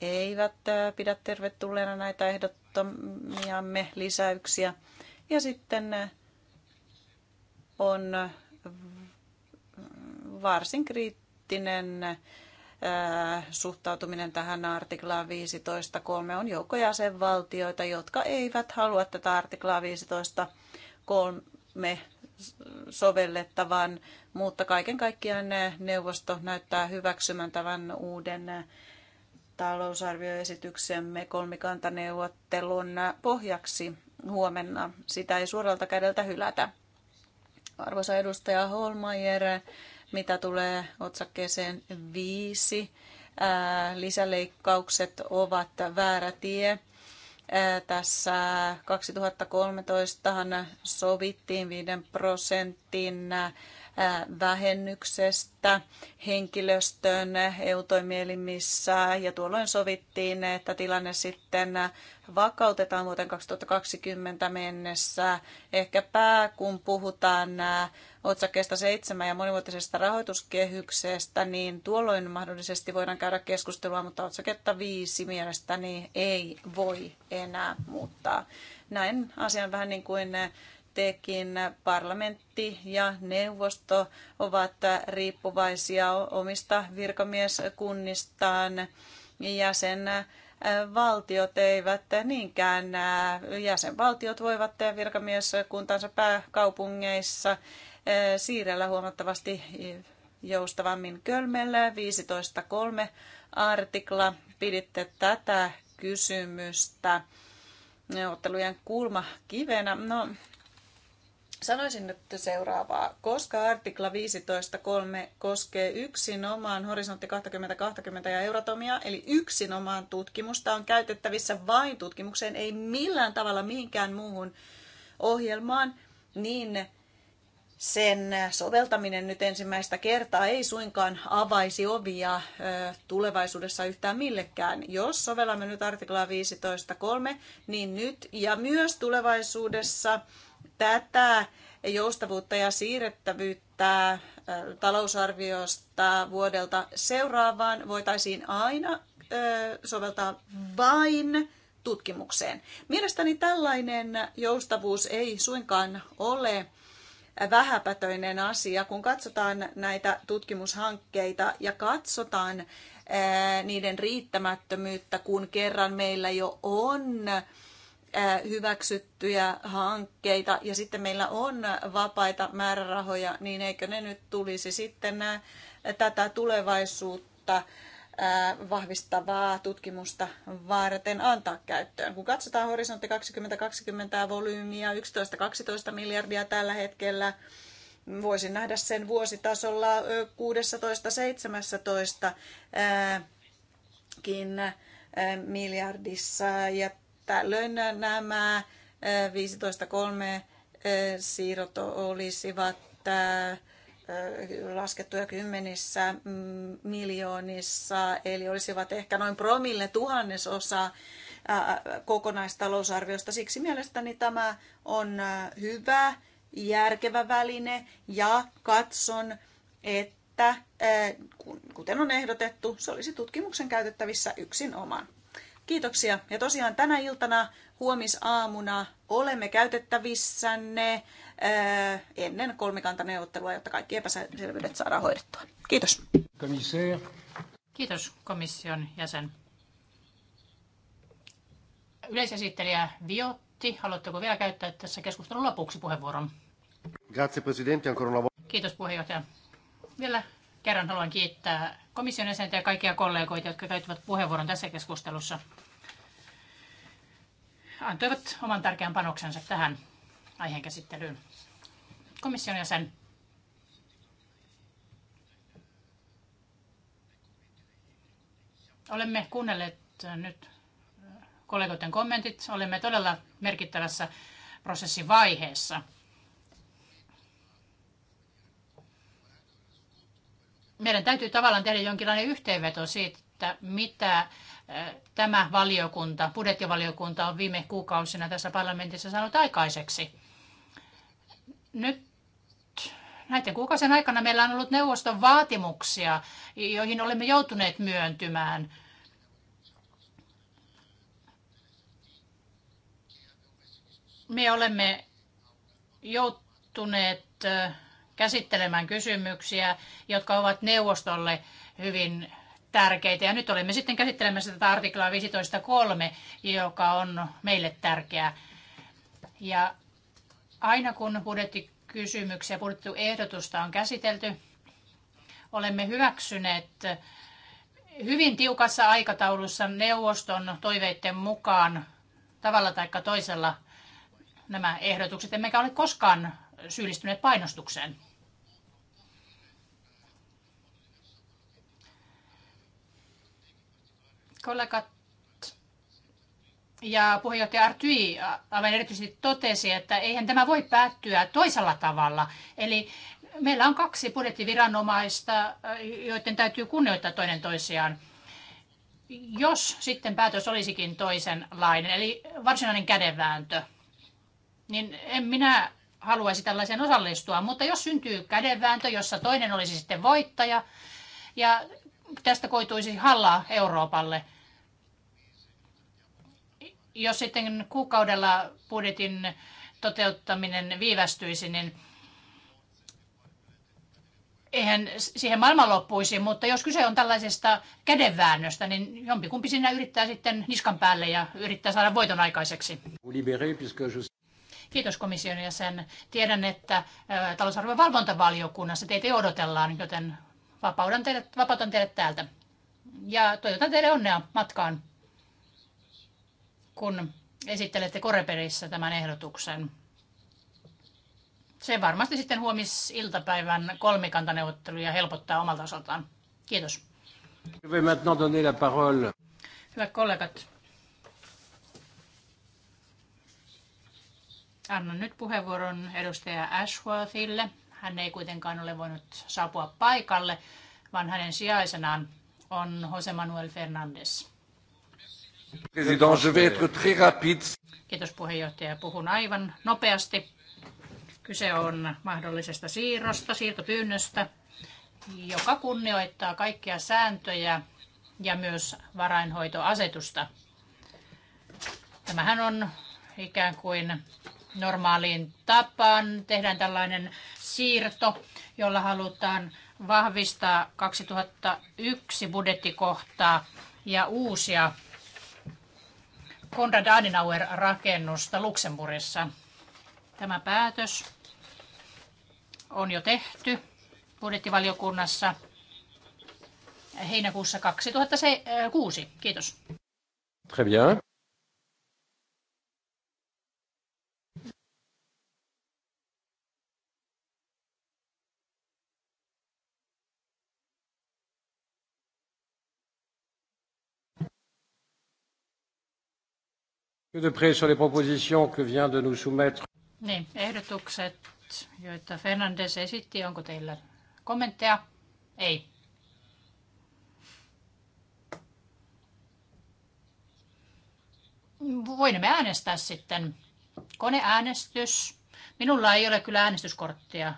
eivät pidä tervetulleena näitä ehdottomiamme lisäyksiä. Ja sitten on varsin kriittinen suhtautuminen tähän artiklaan 15.3 on joukko jäsenvaltioita, jotka eivät halua tätä artiklaa 15.3 sovellettavan, mutta kaiken kaikkiaan neuvosto näyttää hyväksymän tämän uuden talousarvioesityksemme kolmikantaneuvottelun pohjaksi huomenna. Sitä ei suoralta kädeltä hylätä. Arvoisa edustaja Holmajer, mitä tulee otsakkeeseen viisi. Lisäleikkaukset ovat väärä tie. Tässä 2013 sovittiin 5 prosentin vähennyksestä henkilöstön EU-toimielimissä ja tuolloin sovittiin, että tilanne sitten vakautetaan vuoteen 2020 mennessä. pää, kun puhutaan otsakkeesta 7 ja monivuotisesta rahoituskehyksestä, niin tuolloin mahdollisesti voidaan käydä keskustelua, mutta otsaketta 5 mielestäni ei voi enää muuttaa. Näin asian vähän niin kuin sittenkin parlamentti ja neuvosto ovat riippuvaisia omista virkamieskunnistaan. Jäsenvaltiot äh, eivät niinkään. Äh, jäsenvaltiot voivat virkamieskuntansa pääkaupungeissa äh, siirrellä huomattavasti joustavammin Kölmellä 15.3 artikla. Piditte tätä kysymystä neuvottelujen kulmakivenä. No, Sanoisin nyt seuraavaa. Koska artikla 15.3 koskee yksinomaan horisontti 2020 ja euratomia, eli yksinomaan tutkimusta on käytettävissä vain tutkimukseen, ei millään tavalla mihinkään muuhun ohjelmaan, niin sen soveltaminen nyt ensimmäistä kertaa ei suinkaan avaisi ovia tulevaisuudessa yhtään millekään. Jos sovellamme nyt artiklaa 15.3, niin nyt ja myös tulevaisuudessa tätä joustavuutta ja siirrettävyyttä talousarviosta vuodelta seuraavaan voitaisiin aina soveltaa vain tutkimukseen. Mielestäni tällainen joustavuus ei suinkaan ole vähäpätöinen asia, kun katsotaan näitä tutkimushankkeita ja katsotaan niiden riittämättömyyttä, kun kerran meillä jo on hyväksyttyjä hankkeita ja sitten meillä on vapaita määrärahoja, niin eikö ne nyt tulisi sitten tätä tulevaisuutta vahvistavaa tutkimusta varten antaa käyttöön. Kun katsotaan horisontti 2020 volyymiä, 11-12 miljardia tällä hetkellä, voisin nähdä sen vuositasolla 16-17 miljardissa ja Tällöin nämä 15.3 eh, eh, siirrot olisivat eh, laskettuja kymmenissä mm, miljoonissa, eli olisivat ehkä noin promille tuhannesosa kokonaistalousarviosta. Siksi mielestäni tämä on hyvä, järkevä väline ja katson, että kuten on ehdotettu, se olisi tutkimuksen käytettävissä yksin oman. Kiitoksia. Ja tosiaan tänä iltana huomisaamuna olemme käytettävissänne äh, ennen kolmikantaneuvottelua, jotta kaikki epäselvyydet saadaan hoidettua. Kiitos. Komissaire. Kiitos komission jäsen. Yleisesittelijä Viotti, haluatteko vielä käyttää tässä keskustelun lopuksi puheenvuoron? Grazie, Presidente, ancora una volta. Kiitos puheenjohtaja. Vielä Kerran haluan kiittää komission jäsentä ja kaikkia kollegoita, jotka käyttivät puheenvuoron tässä keskustelussa. Antoivat oman tärkeän panoksensa tähän aiheen käsittelyyn. Komission jäsen. Olemme kuunnelleet nyt kollegoiden kommentit. Olemme todella merkittävässä prosessivaiheessa. vaiheessa. meidän täytyy tavallaan tehdä jonkinlainen yhteenveto siitä, mitä tämä valiokunta, budjettivaliokunta on viime kuukausina tässä parlamentissa saanut aikaiseksi. Nyt näiden kuukausien aikana meillä on ollut neuvoston vaatimuksia, joihin olemme joutuneet myöntymään. Me olemme joutuneet käsittelemään kysymyksiä, jotka ovat neuvostolle hyvin tärkeitä. Ja nyt olemme sitten käsittelemässä tätä artiklaa 15.3, joka on meille tärkeä. Ja aina kun budjettikysymyksiä, budjettiehdotusta on käsitelty, olemme hyväksyneet hyvin tiukassa aikataulussa neuvoston toiveiden mukaan tavalla tai toisella nämä ehdotukset, emmekä ole koskaan syyllistyneet painostukseen. Kollegat ja puheenjohtaja Artui aivan erityisesti totesi, että eihän tämä voi päättyä toisella tavalla. Eli meillä on kaksi budjettiviranomaista, joiden täytyy kunnioittaa toinen toisiaan. Jos sitten päätös olisikin toisenlainen, eli varsinainen kädenvääntö, niin en minä haluaisi tällaiseen osallistua, mutta jos syntyy kädenvääntö, jossa toinen olisi sitten voittaja, ja tästä koituisi hallaa Euroopalle. Jos sitten kuukaudella budjetin toteuttaminen viivästyisi, niin eihän siihen maailma loppuisi, mutta jos kyse on tällaisesta kädenväännöstä, niin jompikumpi sinä yrittää sitten niskan päälle ja yrittää saada voiton aikaiseksi. Kiitos komission jäsen. Tiedän, että talousarvojen valvontavaliokunnassa teitä odotellaan, joten Vapaudan teidät, vapautan teidät täältä. Ja toivotan teille onnea matkaan, kun esittelette Koreperissä tämän ehdotuksen. Se varmasti sitten huomisiltapäivän kolmikantaneuvotteluja helpottaa omalta osaltaan. Kiitos. Hyvät kollegat, annan nyt puheenvuoron edustaja Ashworthille hän ei kuitenkaan ole voinut saapua paikalle, vaan hänen sijaisenaan on Jose Manuel Fernandes. Kiitos puheenjohtaja. Puhun aivan nopeasti. Kyse on mahdollisesta siirrosta, siirtopyynnöstä, joka kunnioittaa kaikkia sääntöjä ja myös varainhoitoasetusta. Tämähän on ikään kuin normaaliin tapaan. Tehdään tällainen siirto, jolla halutaan vahvistaa 2001 budjettikohtaa ja uusia Konrad Adenauer-rakennusta Luxemburgissa. Tämä päätös on jo tehty budjettivaliokunnassa heinäkuussa 2006. Kiitos. Très bien. Niin, ehdotukset, joita Fernandes esitti, onko teillä kommentteja? Ei. Voimme äänestää sitten. Koneäänestys. Minulla ei ole kyllä äänestyskorttia.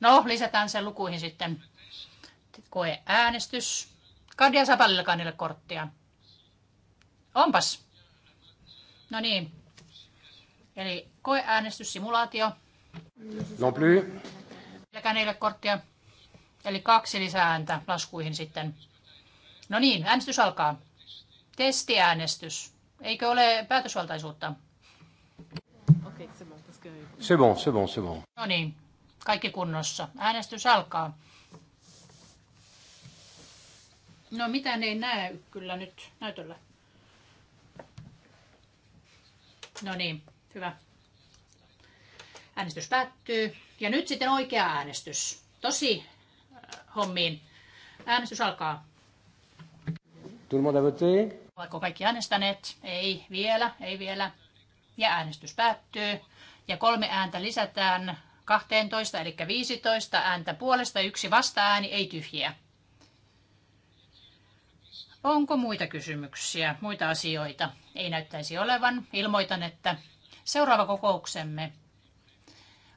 No, lisätään sen lukuihin sitten. Koeäänestys. Kadia saa korttia. Onpas. No niin. Eli koeäänestyssimulaatio. No plus. Silläkään ei korttia. Eli kaksi lisääntä laskuihin sitten. No niin, äänestys alkaa. Testiäänestys. Eikö ole päätösvaltaisuutta? Okei, okay, se bon, se bon, se bon. No niin, kaikki kunnossa. Äänestys alkaa. No mitä ne ei näe kyllä nyt näytöllä. No niin, hyvä. Äänestys päättyy. Ja nyt sitten oikea äänestys. Tosi äh, hommiin. Äänestys alkaa. Oletko kaikki äänestäneet? Ei vielä, ei vielä. Ja äänestys päättyy. Ja kolme ääntä lisätään 12, eli 15 ääntä puolesta, yksi vasta-ääni, ei tyhjiä. Onko muita kysymyksiä, muita asioita? Ei näyttäisi olevan. Ilmoitan, että seuraava kokouksemme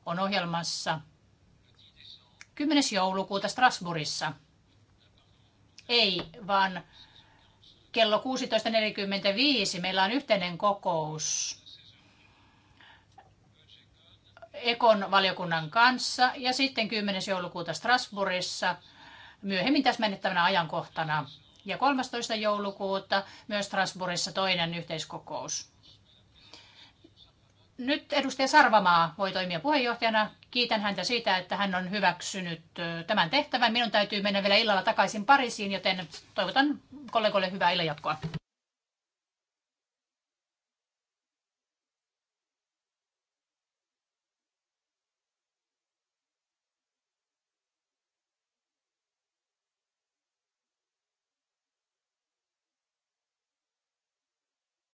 on ohjelmassa 10. joulukuuta Strasbourgissa. Ei, vaan kello 16.45 meillä on yhteinen kokous Ekon valiokunnan kanssa ja sitten 10. joulukuuta Strasbourgissa myöhemmin täsmennettävänä ajankohtana ja 13. joulukuuta myös Strasbourgissa toinen yhteiskokous. Nyt edustaja Sarvamaa voi toimia puheenjohtajana. Kiitän häntä siitä, että hän on hyväksynyt tämän tehtävän. Minun täytyy mennä vielä illalla takaisin Pariisiin, joten toivotan kollegoille hyvää illanjatkoa.